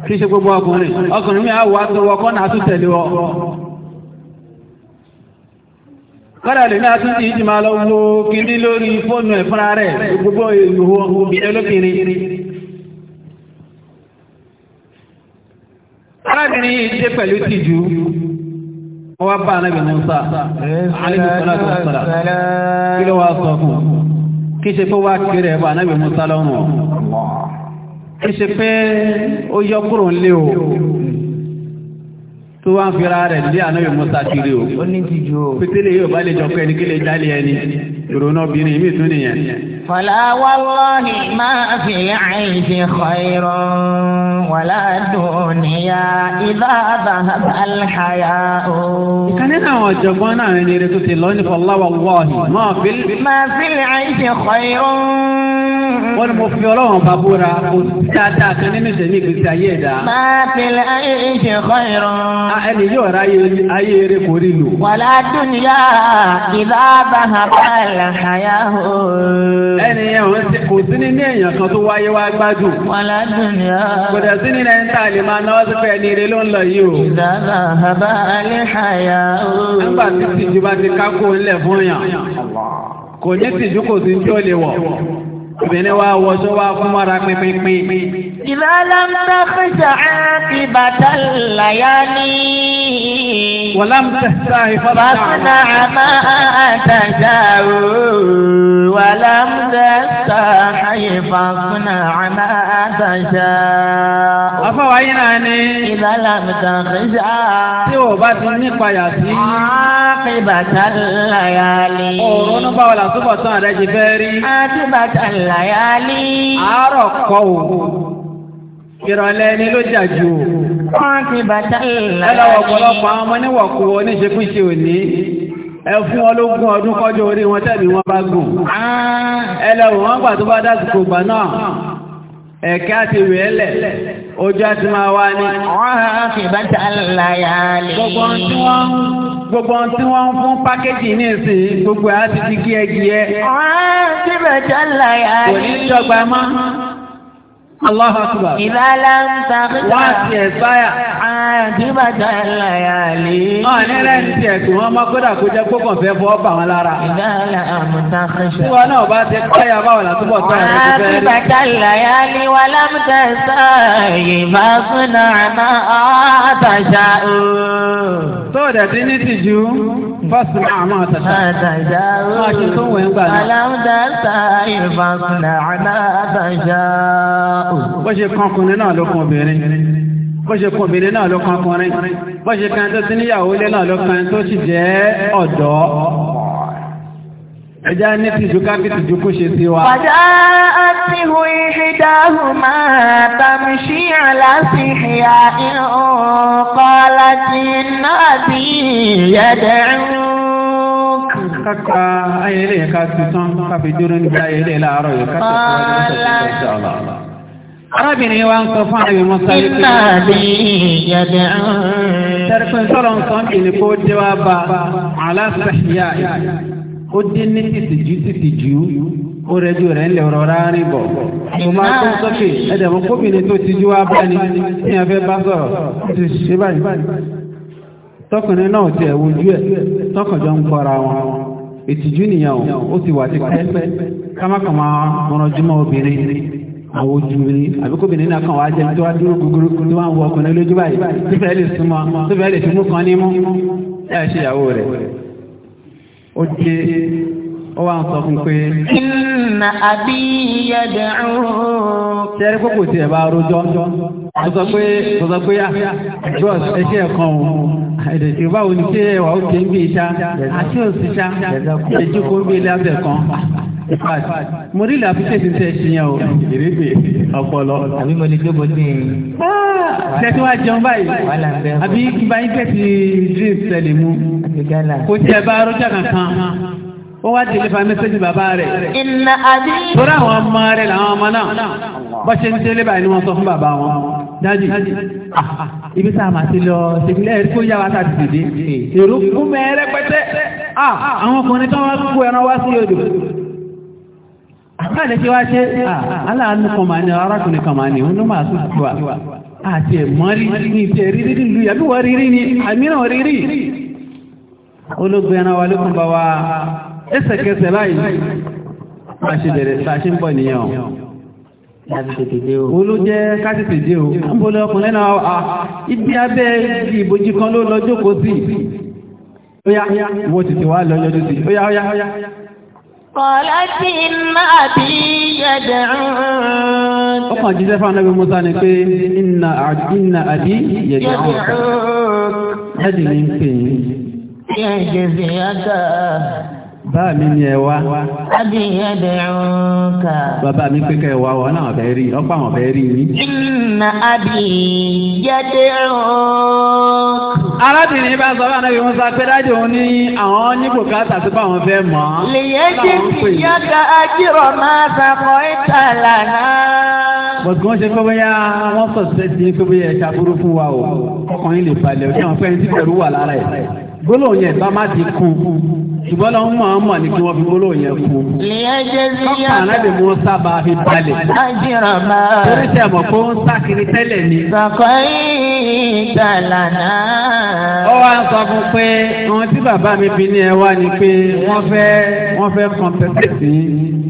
kí ṣe gbogbo ọkùnrin ọkùnrin mi àwọ̀ kọ́ náà tún tẹ̀lé ọ kọ́dà lè ìjìmá lọ wo lórí fóònù rẹ̀ gbogbo ìlú obìnrin arábìnrin yìí dé pẹ̀lú tìjú wọ́n wá bá anábì Musa alẹ́bìsọ́láàtò sọ́lá kí ló wá sọ fún kí ṣe pé wá kéré ẹ̀bà anábì Musa lọ́rùn kí ṣe pé ó yọ kúrò nílé o tó wá ń fira rẹ̀ lé anábì Musa kiri o pétélé yóò bá lè jọ pé ẹni kí lè jálé ẹni ìrònú obìnrin mi tún nìyẹn. fọlá wàlọ́ọ̀nì máa fi àìsí xọ́ìrọ̀ wàlá dùnìyà ìlà bàbá àlàyà o. ìkànnì àwọn ọ̀jọ̀gbọ́n náà ní eré ti lọ́ọ́ ní fọlá máa fi. máa fi àìsí xọ́ìrọ̀ wọ́n ní mo fi ọlọ́run bá bóra dáadáa kan nínú ìṣẹ̀lẹ̀ ìgbésí ayé ẹ̀dá. máa tẹ̀lé ayé ìṣe kọ́ ìrọ̀. ẹni yóò ra ayé eré kò rí lò. wàlá dúnìyà ìlà bàbá àlàkàyà o. ẹni yẹn kò sí ní ní èèyàn kan tó wáyé wá gbádùn. wàlá dúnìyà. kò dẹ̀ sí ní ẹni tá a lè máa náwó sípẹ́ ẹni eré ló ń lọ yìí o. ìlà bàbá àlàkàyà o. nígbà tí tìjú ti ká kó ńlẹ̀ fún yàn kò ní tìjú kò sí ní tí ó lè wọ̀ obìnrin wa wọṣọ wa fún mara pépépé. ìlàlámta fẹsẹ̀ àti bàtà làyà ni. wàlámta sáyé fọlá. bàtà àmà àtàjà o. wàlámta sáyé fọlá àmà àtàjà o. afọwọ́ yín náà ni. ìlàlámta fẹsẹ̀. tí o bá ti ní ìpayà sí. àti bàtà làyà ni. ọ̀rọ̀ ní báwo la túbọ̀ tán àrẹ fẹ́ rí. àti bàtà làyà ni làyálí. àárọ̀ kọ́ o ìrọ̀lẹ́ ni ló jà jù o. wọ́n ti bàtà làyálí. ẹ lọ́wọ́ ọ̀pọ̀lọpọ̀ àwọn ọmọ níwọ̀kú oníṣekúṣe òní ẹ fún ọlógún ọdún kọjú orí wọn tẹ̀lé wọn bá gùn. Ah. ẹ wọn gbà tó bá dásìkò gbà náà ẹ̀kẹ́ àti ìwé ẹlẹ̀ ojú àti máa wá ní. wọ́n fi bàtà láyà lè. gbogbo ohun tí wọ́n gbogbo ohun tí wọ́n ń fún pákéjì ní ìsìn gbogbo àti ti gí ẹgì ẹ. wọ́n fi bàtà láyà lè. kò ní í dọ́gba mọ́. Allahu akbar. Ìlàlá ń tàbí. Wá sí ẹ̀sáyà. Àdìbà jàlá yà lé. Náà nílẹ̀ ń tiẹ̀ tí wọ́n máa kódà kó jẹ́ kókàn fẹ́ fọ́ bà wọn lára. Ìlàlá àmúta kẹsẹ̀. Tí wọn náà bá ti káyà báwọn làtúbọ̀ tó àyà tó fẹ́ rí. Àdìbà jàlá yà lé wa bó ṣe kan ọkùnrin náà ló kan obìnrin bó ṣe kan obìnrin náà ló kan ọkùnrin bó ṣe kan tó ti níyàwó ilé náà ló tó sì jẹ́ ọ̀dọ́ ẹjá ní tìjú káàkiri tìjú kó ṣe sí wa. kaka ayẹlẹ ka tuntun kafe dúró níbi ayẹlẹ láàárọ̀ yìí ọdún tó arábìnrin wa ń sọ fún àwọn ìmọ̀ sáré pé. iná mi yàda. tẹ́lifíṣàn sọ̀rọ̀ nǹkan ìní kó dé wá bá aláṣàṣìyà ó dé ní tìtìjú tìtìjú ó rẹjú rẹ̀ ń lè rọra rìn bọ̀. mo máa tó sókè ẹ̀dẹ̀ mọ́ kóbìnrin tó tijú wá bá ní ní abẹ́ bá sọ̀rọ̀ ti ṣe báyìí. tọkùnrin náà ti ẹ̀ wojú ẹ̀ tọkànjọ́ ń kọ́ra wọn. ìtìjú nìyẹn o ó ti wà tipẹ́ kámákàmá mọ̀rọ̀júmọ́ àwọn ojúre àbíkóbìnrin náà kàn wá jẹ́ tí wá dúró gúgúrú tí wọ́n wọ ọkùnrin lójú báyìí tí fẹ́ẹ́ lè súnmọ́ tí fẹ́ẹ́ lè fi mú kan ní mú ẹ̀ ṣe ìyàwó rẹ̀ ó dé ó wá ń sọ fún pé. Inna àbí yẹ̀dẹ̀ ọ̀hún. Ṣẹ́rí kókò tiẹ̀ bá rojọ́. Mo sọ pé mo sọ pé ah, bros ẹ ṣe ẹ̀kan o. Èdèsí báwo ni ṣé ẹwà ó ti ń Àti òsì ṣá? Èjì ń gbé ilé kan mo rí ilẹ̀ àfíṣẹ́ ti tẹ́ ṣe yẹn o ìrètè ọpọlọ. àbí mo lè jókòó sí i. Ah, tẹ̀sí wá jẹun báyìí àbí kí bá yín tẹ̀sí drinks tẹ̀lé mu kò tiẹ̀ bá rọ́jà kankan ó wá délé fa mẹ́sẹ́jì bàbá rẹ̀. ìnà àbí. torí àwọn ọmọ rẹ̀ làwọn ọmọ náà bọ́ ṣe ń délé báyìí ni wọ́n sọ fún bàbá wọn dájú ah, ibi tá a máa ti lọ ṣèkìlẹ̀ ẹ̀rí kó yá wa tá a ti dìde èrò fún mẹ́rẹ́ pẹ́tẹ́ ah, àwọn ọkùnrin kan wá kó ẹran wá sí odò báyìí kí wá ṣe aláàánú kan máa ní arákùnrin kan máa ní máa tún àti ẹ̀mọ́rí ní ìtẹ̀ rírí nílùú yàbí wọ́n rírí ni àmíràn rírí ológun ẹran wa lókun bá wa ẹsẹ̀kẹsẹ̀ báyìí ṣe bẹ̀rẹ̀ ṣe ń bọ̀ a قالت إن أبي يدعوك أخوان إن أبي يدعون يا جزيفة báà mi ni ẹ wá. adìyẹ dẹrùn ká. bàbá mi pé kẹ́ ẹ wá wọn náà bẹ́ẹ̀ rí ọ̀pọ̀ àwọn bẹ́ẹ̀ rí yín. inna adìyẹ dẹrùn. arábìnrin bá sọ fún anabi musa pé dájú òun ní àwọn nípò káàtà tó bá wọn fẹ́ mọ́. lèyẹ jẹ́ ti yọ̀gá ajírọ̀ máa sàkọ́ ìtàlá náà bọ̀dù wọn ṣe fẹ́ bóyá wọ́n sọ ṣe ti ń bóyá ẹ̀ṣà burú fún wa o ọkùnrin lè balẹ̀ o ní àwọn fẹ́ẹ́ ṣùgbọ́n làwọn máa mọ̀ ní kí wọ́n fi gbólóhùn yẹn kú. kọ́kàn anábì mú sábà fi balẹ̀. torí ṣe mọ̀ kó ń sákiri tẹ́lẹ̀ ni. sọkọ ìdàlànà. ó wá ń sọ fún pé àwọn tí bàbá mi bí ní ẹ wá ni pé wọ́n fẹ́ wọ́n fẹ́ kọ́ńtẹ́tẹ̀ sí i.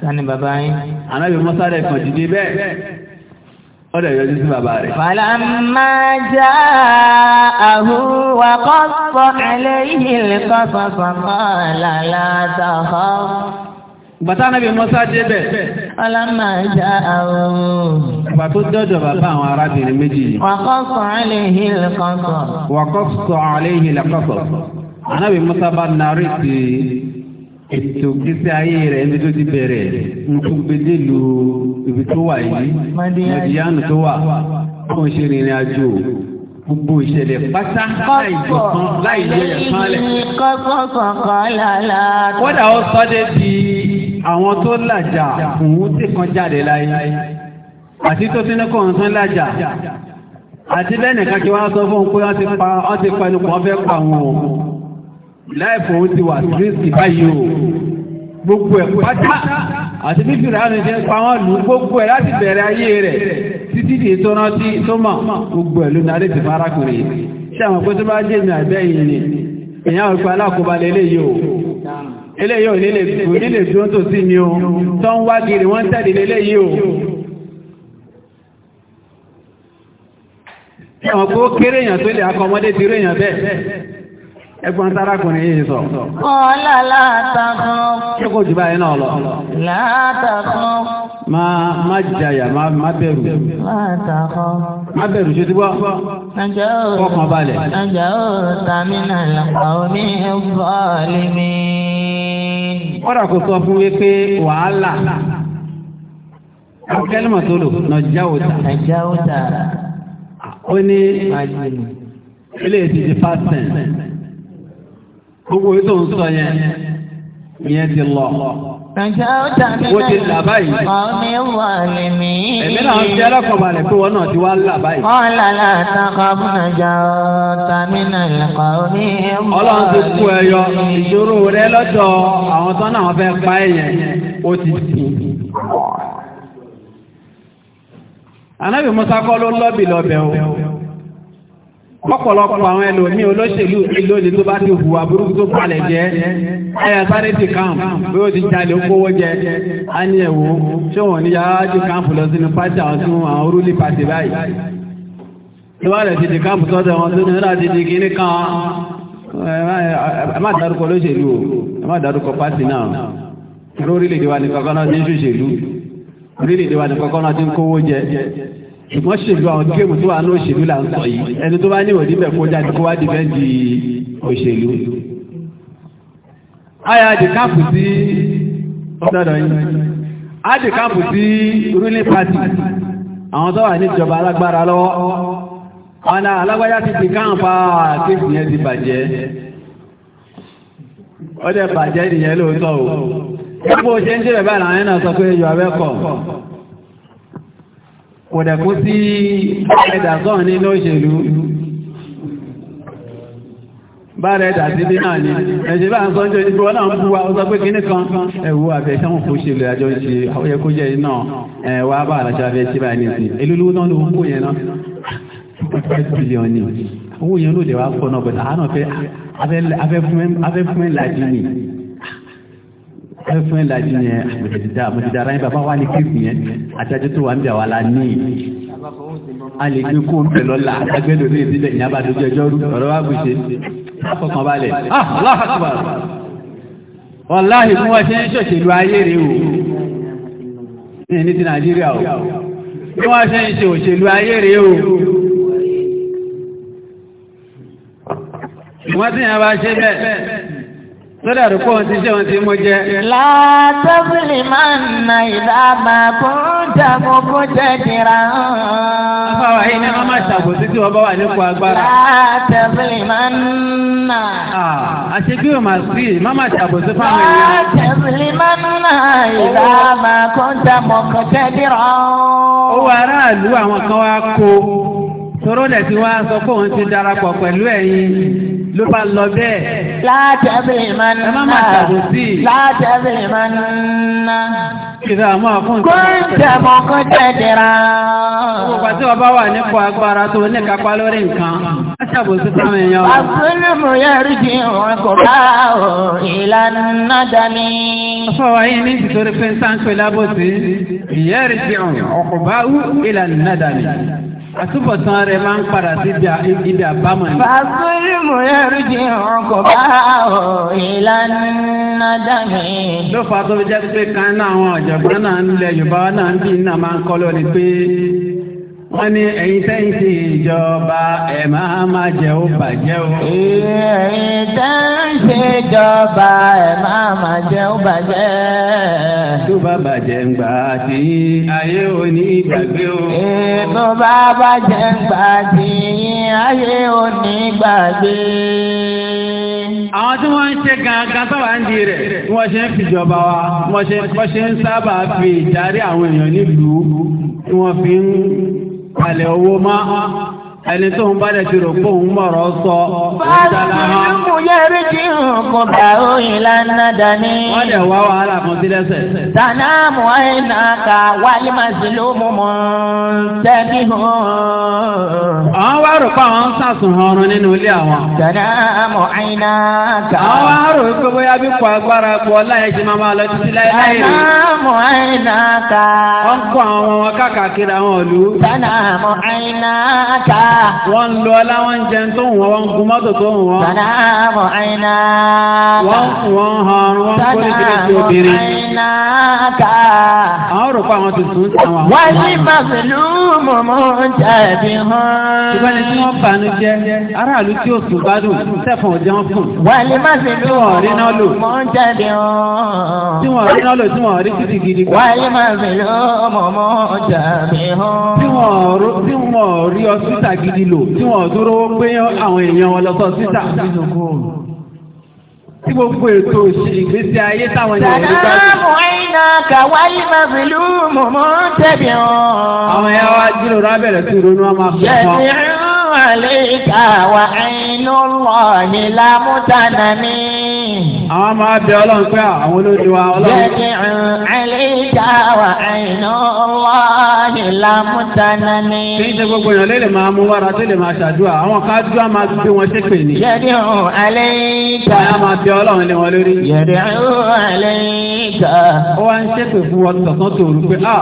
tani bàbá yín. Ànábì Mùsá rẹ̀ kàn dìde bẹ́ẹ̀. Ó dẹ̀ yọjú sí bàbá rẹ̀. Falamma ja'ahu wa qassa alayhi al-qasas qala la takhaf. Bàtà Ànábì Mùsá dé bẹ̀. Falamma ja'ahu. Bàbá tó dọ́dọ̀ bàbá àwọn arábìnrin méjì. Wa qassa alayhi al-qasas. Wa qassa alayhi al-qasas. Ànábì Mùsá bá narí sí ètò gbèsè ayé rẹ̀ ní tó ti bẹ̀rẹ̀ nkúgbèdè lu ibi tó wà yìí mọ̀díyánu tó wà kó ṣe rìnrìn àjò gbogbo ìṣẹ̀lẹ̀ pátá láì jọ̀kan láì jẹyẹ̀ kanlẹ̀. kódà ó sọ́dẹ̀ di àwọn tó tí kan jáde tán làjà àti lẹ́nìkan kí wọ́n sọ fún un pé wọ́n ti pa ẹnu kan pa wọn láìpọ̀ ó ti wà sírísì báyìí o gbogbo ẹ̀ pátá àti fífi rà ní pa wọ́n lù gbogbo ẹ̀ láti bẹ̀rẹ̀ ayé rẹ̀ títí di ìtọ́nà tí tó mọ̀ gbogbo ẹ̀ ló ní alẹ́ ti fara kùrè ṣé àwọn kó tó bá jẹ́ ìrìn àgbẹ̀ yìí ni èyàn àwọn ìpa alákòóbalẹ̀ eléyìí o eléyìí ò nílè nílè dúró tó sí mi o tó ń wá kiri wọ́n tẹ̀lé eléyìí o. ṣé àwọn kó kéré èèyàn tó lè akọmọdé ti rí èèyàn bẹ́ẹ̀ Ẹgbọ́n tára kùn ní yìí sọ. Ọlá látàkùn. Ṣékò jù báyìí náà lọ. Látàkùn. Má má jàyà má bẹ̀rù. Látàkùn. Má bẹ̀rù ṣe ti bọ́. Nàjà ó. Kọ́kàn balẹ̀. Nàjà ó tàmínà lọ́kọ̀ omi bọ́ọ̀lì mi. Wọ́n rà kó sọ fún mi pé wàhálà. Akẹ́lẹ́mọ̀ tó lò nàjà ó tà. Nàjà ó tà. Ó ní ilé ti di Gbogbo ètò ń sọ yẹn, ìyẹn ti lọ. Wọ́n ti là báyìí. Ẹ̀mí náà ti alákọ̀ọ́balẹ̀ pé wọ́n náà ti wá là báyìí. Ọ̀làlà àtàkọ̀ọ́bùnà jà tàmínà ìlàkọ̀ orí ẹ̀mọ́. Ọlọ́run ti kú ẹyọ ìṣòro rẹ lọ́dọ̀ àwọn tán náà fẹ́ pa ẹ̀yẹn, ó ti sìn. Ànábì Musa kọ́ ló lọ́bì lọ́bẹ̀ o. ọ̀pọ̀lọpọ̀ àwọn ẹlòmí olóṣèlú ìlóòdì tó bá ti hùwà burúkú tó palẹ̀ jẹ́ ẹ̀yà sáré ti kàn bí ó ti jalè kówó jẹ a ní ẹ̀wò ṣé wọ́n ní yàrá ti lọ sínú pátì àwọn tí àwọn orúlé pàtì báyìí ti di sọ́dọ̀ wọn tó ní ọ̀dà ti di dárúkọ olóṣèlú o dárúkọ náà ṣùgbọ́n ṣèlú àwọn géèmù tó wà ní òṣèlú là ń sọ yìí ẹni tó bá ní ìwòdí bẹ̀ kó jáde kó wá dìbẹ́ǹdì òṣèlú. àyà dìkáàpù sí ọ̀dọ́dọ̀ yìí á dìkáàpù sí ruling party àwọn tó wà níjọba alágbára lọ́wọ́ àwọn alágbájá ti dìkáàpà kéèkì yẹn ti bàjẹ́ ó bàjẹ́ nìyẹn lóòótọ́ o. gbogbo ṣe ń jẹ́ bẹ̀bẹ̀ ẹ̀ náà sọ pé yọ̀ kò dẹ̀kú sí ẹ̀dàgọ́n nínú òṣèlú bára ẹ̀dà sí bí náà ni ẹ̀ṣẹ́ bá ń sọ jẹ́ ìgbò náà ń bú wa ọzọ pé kíní kan ẹ̀wú àfẹ́ṣẹ́wọ̀n fún ṣe lè àjọ ṣe àwọ́yẹ́kójẹ́ iná ẹ̀wà bá àràṣà fẹ́ ṣe báyìí nìsí elúlú náà ló ń kó yẹn náà owó yẹn ló lè wá fọ́nà bọ̀dá ẹfún ìlàjì yẹn àmọ̀dẹ̀dìdá ah, àmọ̀dẹ̀dá ara yẹn bàbá wa ní kéèkì yẹn àtàjẹ́ tó wà ń bẹ̀ wà lá ní a kó ń bẹ̀ lọ́la agbẹ́dọ̀ ní ìdílé ìyá bá ẹjọ́ rú ọ̀rọ̀ wa gbèsè fọkàn balẹ̀ wàláhì fún wa ṣe ń ṣòṣèlú ayé rèé o ní ní ti nàìjíríà o bí wọ́n ṣe ń ṣe ayé rèé o wọ́n ti yàn bá ṣe bẹ́ẹ̀ Sọ́dá àrùkọ́ ti jẹ́ wọn ti mú jẹ́. Látọ́bìlì máa ń na ìdábà kó dàbò kó jẹ́ jìrà hàn. Báwa yìí ni wọ́n máa ṣàbòsí tí wọ́n bá wà nípò agbára. Látọ́bìlì máa ń nà. Àṣé kí o máa sí má máa ṣàbòsí fáwọn èèyàn. Látọ́bìlì máa ń na ìdábà kó dàbò kó jẹ́ jìrà hàn. aráàlú àwọn kan wá kó tóró lẹ̀ tí wá sọ pé òun ti darapọ̀ pẹ̀lú ẹ̀yin ló bá lọ bẹ́ẹ̀. látàbí ìmọ̀nà ẹ má má ṣàbòsí. látàbí ìmọ̀nà. ìdá àmọ́ àfún ìtọ́jú. kóńtà mọ kóńtà dẹ̀ra. gbogbo àti ọba wà nípò agbára tó ní kápá lórí nǹkan. má ṣàbòsí táwọn èèyàn wà. àfúnùmù yẹrù jí wọn kò bá o ìlànà dání. ọ̀fọ̀wá yìí ní ìtòrí pé sáńpẹ̀ lábòsí ìyẹ́rì jí ọ̀kọ̀ bá o ìlànà dání àtúbọ̀tán rẹ̀ máa ń padà síbi ibi àbámọ̀ ni. fàásùlì mò ń rí di ọkọ̀ bá ò ìlànà dàmí. ló fà tó fi jẹ́ pé kan náà àwọn ọ̀jọ̀gbọ́n náà ń lẹ Yorùbá náà ń bí iná máa ń kọ́ lónìí pé wọ́n ní ẹ̀yin tẹ́yìn sí ìjọba ẹ̀ máa má jẹ́ ó bàjẹ́ o. ẹ̀yin tẹ́yìn sí ìjọba ẹ̀ máa má jẹ́ ó bàjẹ́. tó bá bàjẹ́ ń gbà tí ayé ò ní gbàgbé o. tó bá bàjẹ́ ń gbà tí ayé ò ní gbàgbé. àwọn tí wọ́n ń ṣe gangan sábà ń di rẹ̀ bí wọ́n ṣe ń fìjọba wa bí wọ́n ṣe ń sábà fi ìdarí àwọn èèyàn nílùú tí wọ́n fi ń palẹ̀ owó mọ́ ẹni tó ń bá dẹ̀ ti rò pé òun mọ̀rọ̀ sọ. báwo ni mo yẹrí tí nǹkan bá òyìn lánà dání. wọ́n dẹ̀ wá wàhálà kan sí lẹ́sẹ̀. sànàmù àìnà ká wálé màá sí ló mú mọ́ tẹ́bí hàn. àwọn wá rò pé àwọn ń sàsùn ọrùn nínú ilé àwọn. sànàmù àìnà ká. àwọn wá rò pé bóyá bí kò agbára pọ̀ láyé ṣe máa máa lọ títí láyé. sànàmù àìnà ká. wọ́n kọ ká wọ́n ń lo ọlá wọ́n ń jẹun tó wọ́n wọ́n ń gun mọ́tò tó wọ́n. sàdá àmọ̀ àyìnà. wọ́n ń wọ́n ń hàn wọ́n ń kórè kéré sí obìnrin. sàdá àmọ̀ àyìnà ká. àwọn rò pé àwọn tuntun ń tàn wọ́n. wọ́n ní màsílù mọ̀mọ́ jẹ̀bi hàn. ṣùgbọ́n ní tí wọ́n bànú jẹ́ aráàlú tí ó sùn gbádùn tẹ̀fọ̀n òjẹ́ wọn fún. wọ́n ní màsílù mọ̀mọ́ jẹ̀bi hàn. tí wọ́n rí náà lò tí wọ́n rí títí gidi. wọ́n ní màsílù mọ̀mọ́ jẹ̀bi hàn. tí wọ́n rí ọsùn tàg gidi lò tí wọ́n dúró pé àwọn èèyàn wọn lọ́sọ síta tí gbogbo ètò ìgbésí ayé táwọn èèyàn rí gbájú. sàlámù àìnà kàwáyé màbìlú mọ̀mọ́ tẹ̀bí hàn. àwọn ẹ̀yà wa jíròrò rábẹ̀rẹ̀ sí ronú ọmọ àfihàn. ṣẹ̀dí rún àlè ìta wà àìnú lọ́ọ̀ni lámúdánà mi àwọn máa bẹ ọlọ́run pé àwọn olórí wa ọlọ́run. jẹ́ni àlejò àwọn àìná ọlọ́ọ̀ni lámúdáná ni. kí n ṣe gbogbo èèyàn lélẹ̀ máa mú wára tó lè máa ṣàdúrà àwọn ká dúrà máa fi bí wọn ṣe pè ní. jẹ́ni àlejò. báyà máa bẹ ọlọ́run lé wọn lórí. jẹ́ni àlejò. ó wá ń ṣépè fún wọn tọ̀sán tòru pé a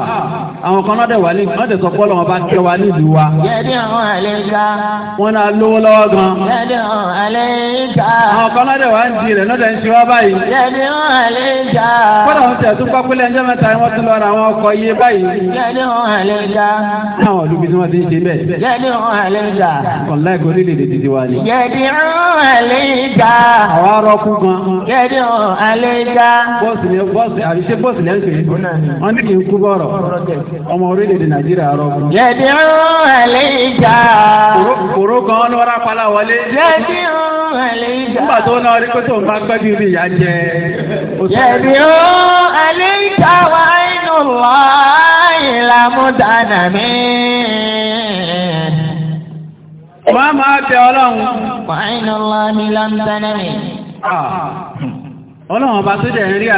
ah, àwọn kan náà dẹ̀ wà lẹ́yìn wọ́n dẹ̀ sọ pọ́lọ́ wọn bá kẹ́ wa nílùú wa. jẹ́ni àlejò. wọ́n náà lówó lọ́wọ́ gan. jẹ́ni àlejò. àwọn kan náà dẹ̀ wà ń di rẹ̀ náà lọ́dẹ̀ ń ṣe wá báyìí. Jẹ̀dí wọn lè já. Kọ́dà wọn tẹ̀ tún pápẹ́lẹ̀ ẹjọ́ mẹ́ta ni wọ́n tún lọ ra àwọn ọkọ̀ iye báyìí. Jẹ̀dí wọn lè já. Táwọn olùbí tí wọ́n ti ń ṣe bẹ́ẹ̀. Jẹ̀dí wọn lè já. Ọ̀la ẹ̀kọ́ líle lè dìde wa ni. Jẹ̀dí wọn lè já. Àwa rọ kú gan. Jẹ̀dí wọn lè já. Bọ́ọ̀sì ni bọ́ọ̀sì àbí ṣé bọ́ọ̀sì lẹ́ ń pè é. Wọ́n ní kì í kú bọ̀rọ̀. Ọmọ orílẹ̀-èdè Nàìjíríà rọ kú. Jẹ̀dí lè já. Kòró kan ló rà pálá wọlé. Jẹ̀dí wọn lè já. Nígbà tó náà rí pé ń bá pẹ́ rí jẹ. Yẹ̀bi wa inú lọ ìlàmúdánà mi. Wọ́n máa bẹ ọlọ́run. Wa inú lọ mi mi. Ọlọ́run ọba tó rí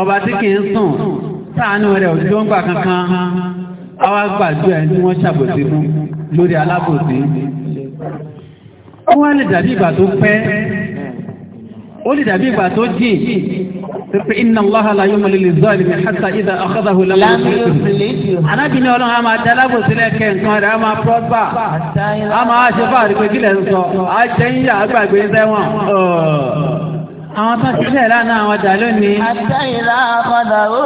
ọba tí sùn, rẹ̀ ń gbà kankan. Àwọn ẹ̀ wọ́n ṣàbòsí fún lórí alábòsí. Wọ́n lè dàbí ìgbà ó lè dàbí ìgbà tó dín pípé iná lọ́ha la yóò mọ̀lẹ́lẹ́ zọ́ọ̀lì mi hàtà ìdá ọ̀kọ́dàhù lámùsùlùmí. anábìnrin ọlọ́run a máa dálábò sílẹ̀ kẹ̀ǹkan rẹ̀ a máa pọ́gbà a máa ṣe fáàrí pé kílẹ̀ ń sọ a jẹ́ ń yà àgbàgbé sẹ́wọ̀n. àwọn tó sílẹ̀ lánàá àwọn dà lónìí. àtà ìlà ọ̀kọ́dàhù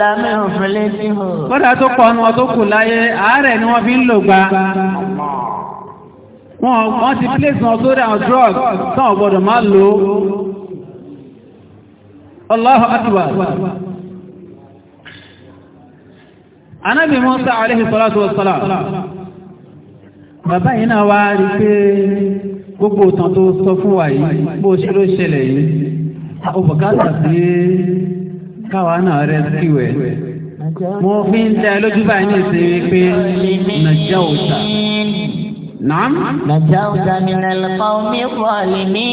lámùsùlùmí. kódà tó pọ̀ ọ̀nà tó kù láyé àárẹ̀ ni wọ́n fi ń lò gba wọ́n ti place wọn sórí àwọn drugs táwọn gbọ́dọ̀ máa lò Allahu akbar anábì Musa alayhi salatu wassalam bàbá yìí náà wá rí pé gbogbo ìtàn tó sọ fún wa yìí bó ṣe ló ṣẹlẹ̀ yìí ọbọ̀kátà sí káwa náà rẹ̀ síwẹ̀ mo fi ń dá lójú báyìí ní ìsinmi pé nàìjíríà òta Nàám. Nàjà ọjà mi rẹ̀ lọ́kọ́ mi pọ̀ lè mí.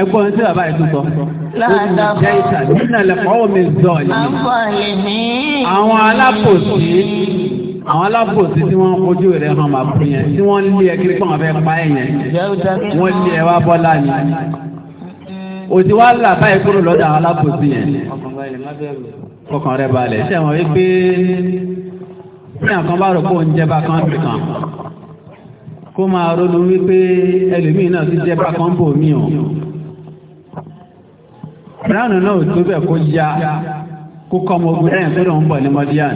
Ẹ gbọ́ ohun tí bàbá yìí tún sọ. Láàdá bọ̀. Jẹ́ìsà nínú ẹ̀lẹ́kọ́ mi zọ̀ yìí. Àpọ̀ lè mí. Àwọn alábòsí àwọn alábòsí tí wọ́n kojú rẹ̀ hàn máa fún yẹn tí wọ́n lé ẹ kiri pọ̀ wọn fẹ́ pa ẹ̀ yẹn. Wọ́n lé ẹ wá bọ́lá ni. Òtí wá là báyìí kúrò lọ́dọ̀ àwọn alábòsí yẹn. Kọkàn rẹ̀ balẹ̀. Ṣé àwọn wípé tí àkànbá rò pé òun jẹ́ kó máa ronú wípé ẹlòmíì náà ti jẹ́ bákan bò mí o ránù náà tó bẹ̀ kó ya kó kọ́ ọmọ ogun ẹ̀yìn tó lọ ń bọ̀ ní mọ́díàn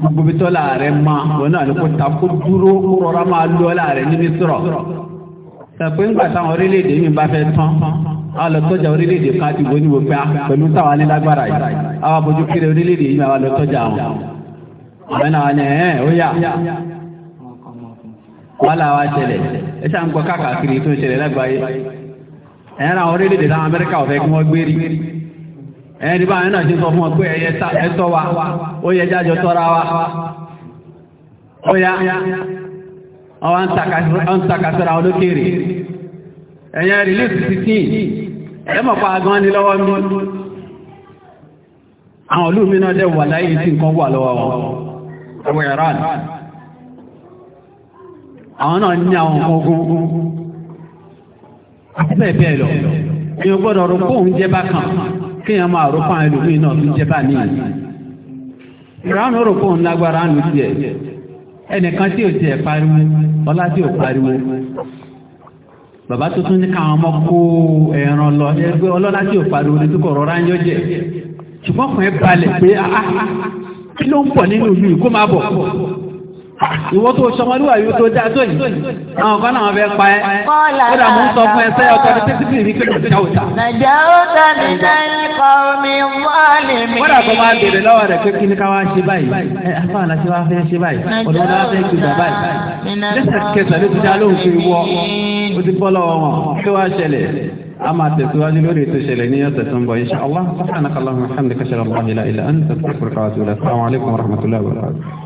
gbogbo bí tọ́lá rẹ̀ máa wọn náà ló kó ta kó dúró kó rọra máa lọ́ọ́lá rẹ̀ níbi sọ̀rọ̀ tẹ̀pẹ́ ńgbà táwọn orílẹ̀-èdè mi bá fẹ́ tán alọ́tọ́jà orílẹ̀-èdè kan ti wo ní wo pé ah, pẹ̀lú táwọn anílágbára yìí àwọn abojú kiri orílẹ̀-èdè yìí àwọn alọ́tọ́jà wọn àwọn náà ní ẹ̀ ó yà wàhálà wa ṣẹlẹ̀ ẹ ṣáà ń gbọ́ tó ń ṣẹlẹ̀ lágbàáyé ẹ̀yẹn àwọn orílẹ̀-èdè láwọn Amẹ́ríkà ọ̀fẹ́ kí wọ́n gbé rí ẹ̀yẹn ní báyìí náà sọ fún ọ pé wa ó yẹ jájọ tọ́ra wa ó yá ń takasọ́ra olókèrè rìlíìsì ẹ mọ̀ pa ni lọ́wọ́ mi àwọn olú mi náà dẹ̀ wà láyé tí nǹkan wà lọ́wọ́ wọn àwọn náà ní àwọn ogun bẹ́ẹ̀ bẹ́ẹ̀ lọ èèyàn gbọ́dọ̀ rò kóun jẹ́ bá kan máa fáwọn náà tún jẹ́ bá lágbára ẹnìkan tí ò pariwo ọlá tí pariwo bàbá ní káwọn ọmọ kó ẹran lọ ẹgbẹ́ ọlọ́lá tí ò pariwo ní tukọ̀ rọra ń ṣùgbọ́n kàn balẹ̀ pé ah, ah, ah, kí ló ń pọ̀ nínú Ìwọ́n tó ṣọmọlúwà yóò tó dáa tó yìí, àwọn kan náà fẹ́ pa ẹ́. Kọ́lá mú sọ fún ẹsẹ́ ọ̀tọ́ ní títí rí pé nàìjá òta. Nàìjá òta ní sẹ́yìnkọ́ mi wọ́ọ̀lì mi. Wọ́n dàgbọ́ máa bèèrè lọ́wọ́ rẹ̀ pé kí ni ká wá ṣe báyìí. Ẹ afọ́ àná ṣe wá fẹ́ ṣe báyìí. Ọ̀dọ́ wọn wá fẹ́ gbé bàbá yìí. Lẹ́sẹ̀ kẹsàn-án ló ti dá lóhùn pé wọ́ ó ti bọ́ lọ́wọ́ wọn. Kí wá ṣẹlẹ̀? a máa tẹ̀síwájú lórí ètò ìṣẹ̀lẹ̀ ní ọ̀sẹ̀ tó ń bọ̀ inṣàlá sọ́kànnà kàlá muhammed kashara allah ilá ilá ẹni tẹ̀síwájú kàwàtí wọlé assalamu alaikum warahmatullahi wabarakatuh